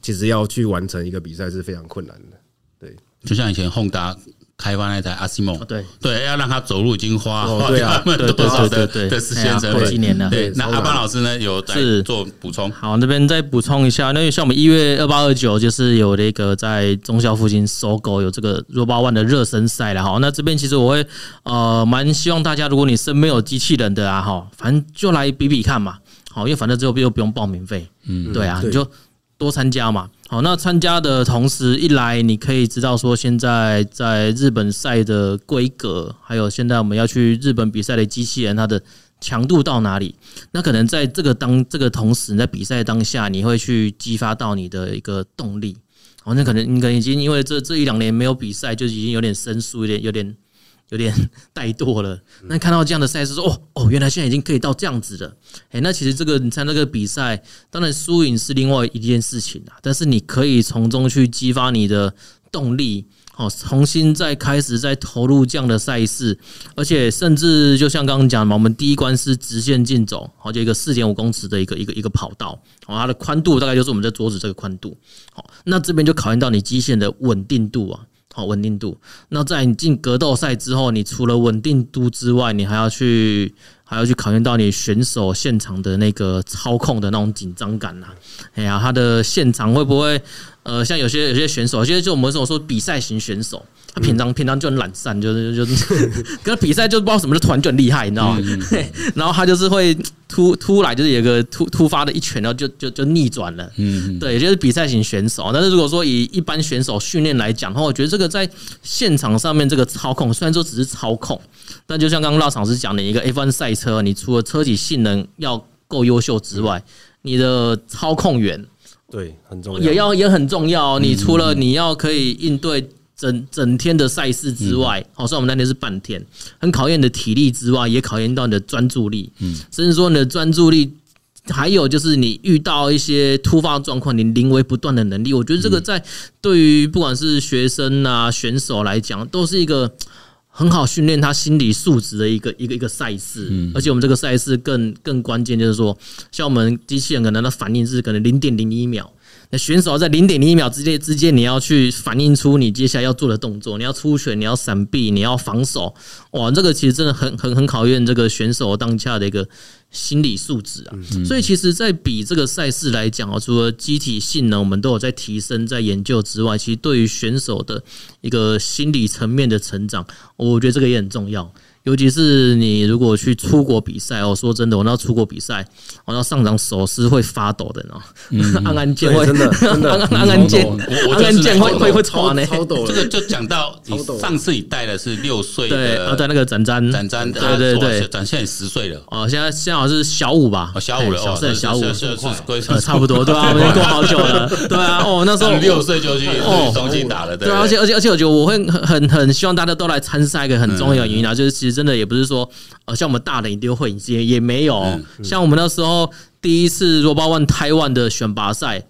其實要去完成一個比賽是非常困難的。對，就像以前 Honda 台灣那台阿西莫，對對，要讓他走入金花，他們都是的，對對對，幾十年了。對，那阿邦老師呢有在做補充。好，那邊再補充一下，那像我們一月二八二九，就是有那個在中校附近搜狗有這個 ROBO-ONE 的熱身賽了。好，那這邊其實我會呃蠻希望大家，如果你身邊有機器人的啊，哈，反正就來比比看嘛。好，因為反正之後又不用報名費，嗯，對啊，你就多參加嘛。好，那參加的同時，一來你可以知道說現在在日本賽的規格，還有現在我們要去日本比賽的機器人它的強度到哪裡。那可能在這個當這個同時，在比賽當下，你會去激發到你的一個動力。好，那可能，你可能已經因為這這一兩年沒有比賽，就已經有點生疏，有點有點。有點怠惰了。嗯、那看到這樣的賽事，說哦哦，原來現在已經可以到這樣子了。誒，那其實這個你參加這個比賽，當然輸贏是另外一件事情啊。但是你可以從中去激發你的動力，哦，重新再開始再投入這樣的賽事。而且甚至就像剛剛講嘛，我們第一關是直線競走，好，就一個四點五公尺的一個一個一個跑道，哦，它的寬度大概就是我們的桌子這個寬度。好，那這邊就考驗到你機械的穩定度啊。好，穩定度，那在你進格鬥賽之後，你除了穩定度之外，你還要去還要去考驗到你選手現場的那個操控的那種緊張感吶。哎呀，他的現場會不會？呃，像有些有些選手，有些就我們所說比賽型選手，他平常平常就很懶散，就是就， 跟他比賽就不知道什麼是團結厲害，你知道嗎、嗯嗯嘿？然後他就是會突突來，就是有個突突發的一拳，然後就就就逆轉了。嗯，對，就是比賽型選手。但是如果說以一般選手訓練來講的話，我覺得這個在現場上面這個操控，雖然說只是操控，但就像剛剛臘腸老師講的一個 F1 賽車，你除了車體性能要夠優秀之外，你的操控員。對，很重要，也要也很重要。你除了你要可以應對整整天的賽事之外，好像我們那天是半天，很考驗你的體力之外，也考驗到你的專注力，嗯，甚至說你的專注力，還有就是你遇到一些突發狀況，你臨危不斷的能力，我覺得這個在對於不管是學生啊選手來講，都是一個。很好訓練他心理素質的一個一個一個賽事，而且我們這個賽事更更關鍵，就是說，像我們機器人可能的反應是可能零點零一秒。那選手在零點零一秒之內之間，你要去反映出你接下來要做的動作你，你要出拳，你要閃避，你要防守，哇，這個其實真的很很很考驗這個選手當下的一個心理素質啊。所以，其實，在比這個賽事來講啊，除了機體性能，我們都有在提升、在研究之外，其實對於選手的一個心理層面的成長，我覺得這個也很重要。尤其是你如果去出國比賽哦，說真的、哦，我那出國比賽，我那上場手是會發抖的呢，按按鍵會真的，按按按鍵，按鍵會會會超呢。這個就講到上次你帶的是六歲的，對，然帶那個展展展展，對對對，展現在十歲了哦，現在現在好像、啊、是小五吧、哦，小五的哦，是小五是差不多對啊，我經過好久了，對啊，哦那時候六歲就去東京打了對，而、哦、且、哦、而且而且我覺得我會很很很希望大家都來參賽一個很重要的原因啊，就是其實。真的也不是說，呃，像我們大人一定會，也也沒有。像我們那時候第一次 ROBO ONE 台灣的選拔賽，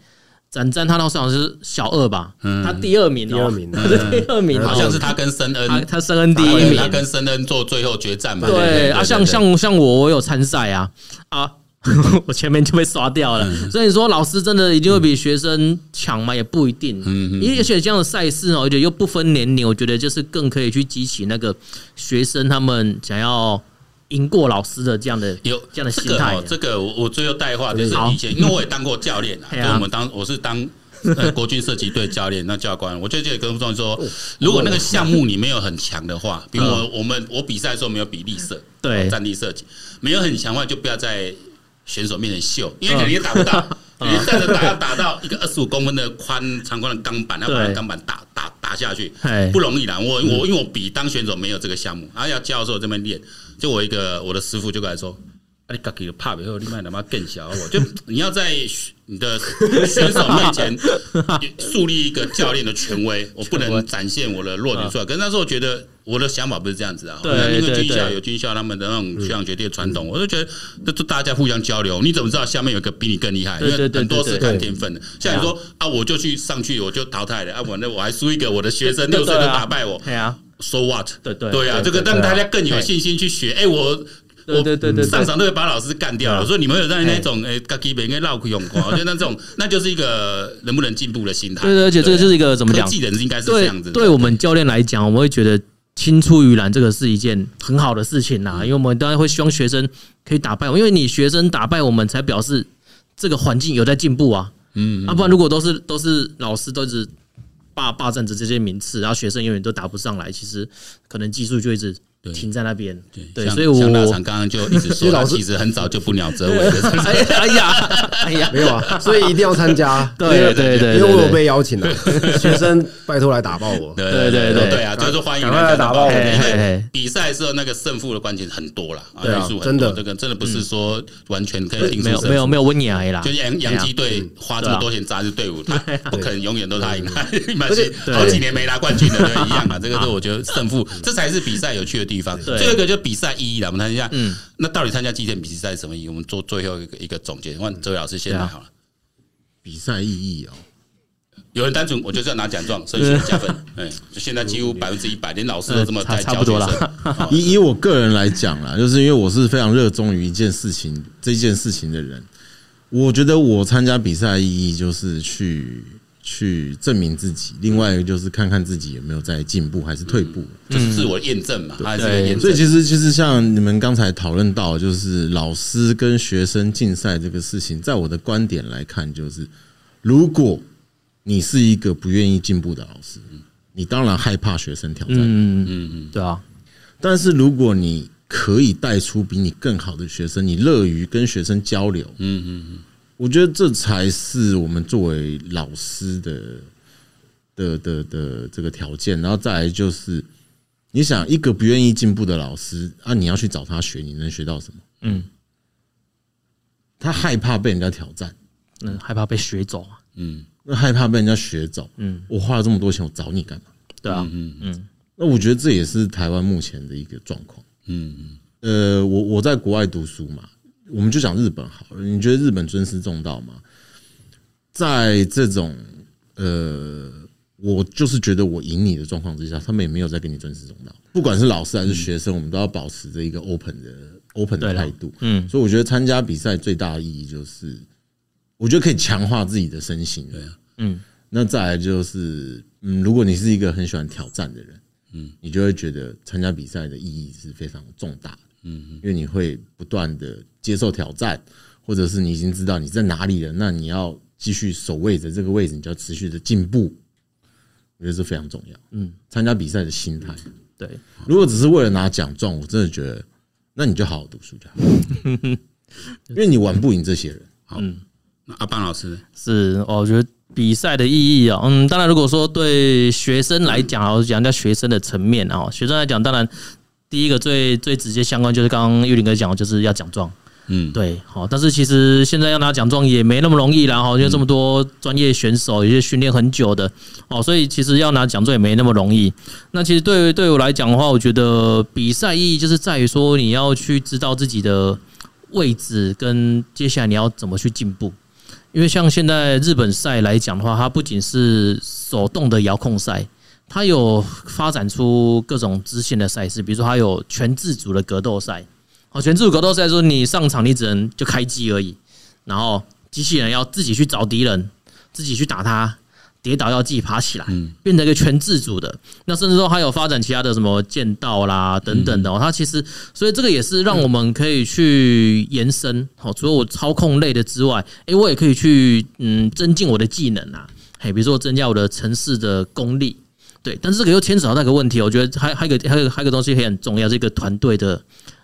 展展他那時候好像是小二吧，他第二名，第二名，他是第二名。好像是他跟申恩，他申恩第一名，他跟申恩，恩做最後決戰嘛。對，對，對，對，對啊，像像像我，我有參賽啊，啊。 我前面就被刷掉了、嗯，所以你說老師真的一定會比學生強嗎？嗯、也不一定嗯。嗯，因為而且這樣的賽事哦，而且又不分年齡，我覺得就是更可以去激起那個學生他們想要贏過老師的這樣的有這樣的心態、哦。這個我我最後帶話就是以前，嗯、因為我也當過教練啊，跟、嗯啊、我們當我是當國軍射擊隊教練，那教官，我就覺得這也跟傅莊說，如果那個項目你沒有很強的話，比如我我們、哦、我比賽的時候沒有比例對射對站立射擊沒有很強的話，就不要再。選手面前秀，因為你也打不到，你帶、哦、打要打到一個二十五公分的寬長寬的鋼板，對、要把鋼板打打打下去不容易啦，我我、嗯、因為我比當選手沒有這個項目，而、啊、要教授這邊練，就我一個我的師傅就跟他說。你搞起了怕，然後你賣他媽更小，我就你要在你的選手面前樹立一個教練的權威，我不能展現我的弱點出來。可是那時候我覺得我的想法不是這樣子啊，因為軍校有軍校他們的那種學長學弟的傳統，我就覺得這大家互相交流，你怎麼知道下面有一個比你更厲害？因為很多是看天分的。像你說啊，我就去上去，我就淘汰了啊，我那我還輸一個，我的學生六歲就打敗我。對啊，So what？對對對啊，這個讓大家更有信心去學。哎我。對對對對，上場都會把老師幹掉。所以你們有在那種哎，gk 應該 l o 用，覺得那種那就是一個能不能進步的心態。 對對，而且這個就是一個怎麼講，技人應該是這樣子。對,對我們教練來講，我們會覺得青出於藍這個是一件很好的事情啦。因為我們當然會希望學生可以打敗我，因為你學生打敗我們，才表示這個環境有在進步啊。嗯，啊，不然如果都是都是老師都是霸霸占着這些名次，然後學生永遠都打不上來，其實可能技術就一直。停在那邊，對，對。所以我剛剛就一直說，其實很早就不鳥哲瑋的。哎呀，哎呀，沒有啊，所以一定要參加。對對對，因為我被邀請了。學生，拜托來打爆我。對對對對啊，就是歡迎，趕快來打爆我。比賽時候那個勝負的關鍵很多了，因素真的，這個真的不是說完全可以定勝負，沒有沒有沒有溫尼亞啦，就是楊楊基隊花這麼多錢扎的隊伍，他不可能永遠都打贏。而且好幾年沒拿冠軍了，對。一樣啊。這個是我覺得勝負，這才是比賽有趣的地。地方，這對 個就比賽意義了。我們談一下，嗯，那到底參加機天比賽什麼意義？我們做最後一個一個總結。問哲瑋老師先來好了。比賽意義哦，有人單純，我就是要拿獎狀，升學加分。哎，就現在幾乎百分之一百，連老師都這麼。太差不多了，哦。以以我個人來講啦，就是因為我是非常熱衷於一件事情，這件事情的人，我覺得我參加比賽意義就是去。去證明自己，另外一個就是看看自己有沒有在進步還是退步，嗯、就是自我驗證嘛，還是個驗證。對，所以其實其實像你們剛才討論到，就是老師跟學生競賽這個事情，在我的觀點來看，就是如果你是一個不願意進步的老師，你當然害怕學生挑戰。嗯嗯嗯，對啊。但是如果你可以帶出比你更好的學生，你樂於跟學生交流。嗯嗯嗯。我覺得這才是我們作為老師的的的的這個條件，然後再來就是你想一個不願意進步的老師啊，你要去找他學，你能學到什麼？嗯，他害怕被人家挑戰，嗯，害怕被學走啊，嗯，那害怕被人家學走，嗯，我花了這麼多錢，我找你幹嘛？對啊，嗯嗯，那我覺得這也是台灣目前的一個狀況，嗯嗯，呃，我我在國外讀書嘛。我們就講日本好了，你覺得日本尊師重道嗎？在這種呃，我就是覺得我贏你的狀況之下，他們也沒有在跟你尊師重道。不管是老師還是學生，嗯、我們都要保持着一個 open 的 open 的態度。嗯，所以我覺得參加比賽最大的意義就是，我覺得可以強化自己的身心。對啊，嗯，那再來就是，嗯，如果你是一個很喜歡挑戰的人，嗯，你就會覺得參加比賽的意義是非常重大。嗯，因為你會不斷的接受挑戰，或者是你已經知道你在哪裡了，那你要繼續守衛着這個位置，你就要持續的進步，我覺得是非常重要。嗯，參加比賽的心態，對。如果只是為了拿獎狀，我真的覺得，那你就好好讀書就好。因為你玩不贏這些人。嗯、好，那阿邦老師是，我覺得比賽的意義啊、喔，嗯，當然，如果說對學生來講，我講一下學生的層面啊、喔，學生來講，當然。第一個最最直接相關就是剛剛玉林哥講的，就是要獎狀。嗯，對，好，但是其實現在要拿獎狀也沒那麼容易啦，好、嗯、因為這麼多專業選手，有些訓練很久的，哦，所以其實要拿獎狀也沒那麼容易。那其實對於我來講的話，我覺得比賽意義就是在於說，你要去知道自己的位置跟接下來你要怎麼去進步。因為像現在日本賽來講的話，它不僅是手動的遙控賽。它有發展出各種支線的賽事，比如說它有全自主的格鬥賽，好，全自主格鬥賽就是說你上場你只能就開機而已，然後機器人要自己去找敵人，自己去打他，跌倒要自己爬起來，變成一個全自主的。那甚至說它有發展其他的什麼劍道啦等等的，它其實所以這個也是讓我們可以去延伸，哦，除了我操控類的之外，誒，我也可以去嗯增進我的技能啊，誒，比如說增加我的程式的功力。對，但是這個又牽扯到那個問題，我覺得還有還有一個還有還有個東西也很重要，是一個團隊的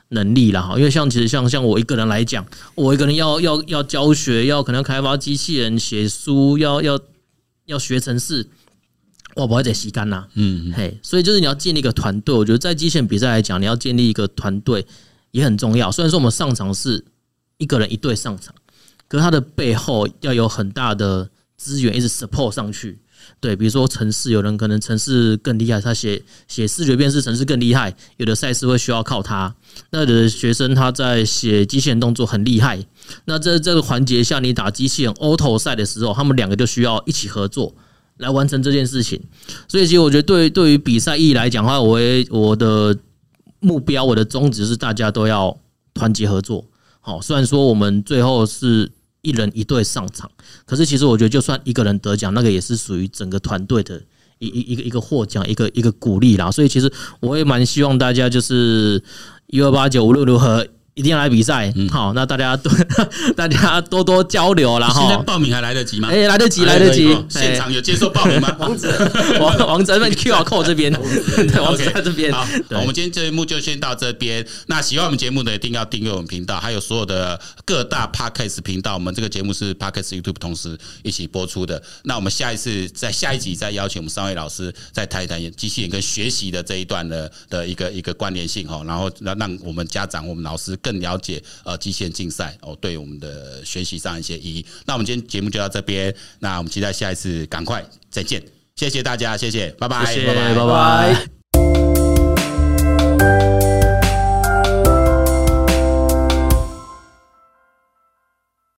能力了哈。因為像其實像像我一個人來講，我一個人要要要教學，要可能要開發機器人、寫書，要要要學程式，我不會得吸乾吶。啊、嗯，嗯，嘿，所以就是你要建立一個團隊，我覺得在機器人比賽來講，你要建立一個團隊也很重要。雖然說我們上場是一個人一隊上場，可是他的背後要有很大的資源一直 support 上去。對，比如說程式，有人可能程式更厲害，他寫寫視覺辨識程式更厲害。有的賽事會需要靠他，那有的學生他在寫機器人動作很厲害。那這這個環節下，你打機器人 auto 賽的時候，他們兩個就需要一起合作來完成這件事情。所以，其實我覺得對對於比賽意義來講的話，我我的目標我的宗旨是大家都要團結合作。好，雖然說我們最後是。一人一隊上場，可是其實我覺得，就算一個人得獎，那個也是屬於整個團隊的一一一個一個獲獎，一個一個鼓勵啦。所以其實我也蠻希望大家就是一二八九，無論如何。一定要來比賽，嗯、好，那大家多大家多多交流，然後今天報名還來得及嗎？哎、欸，來得及，來得及、欸喔。現場有接受報名嗎？欸、王子王王子問 QR code 這邊，王子在這邊好。對 好，我們今天節目就先到這邊。那喜歡我們節目的，一定要訂閱我們頻道，還有所有的各大 Podcast 頻道。我們這個節目是 Podcast YouTube 同時一起播出的。那我們下一次在下一集再邀請我們三位老師再談一談機器人跟學習的這一段的的一個一個關聯性哈。然後讓讓我們家長、我們老師更更了解呃、極限競賽哦，對我們的學習上一些意義。那我們今天節目就到這邊，那我們期待下一次，趕快再見，謝謝大家，謝謝，拜拜，謝謝，拜拜，拜拜。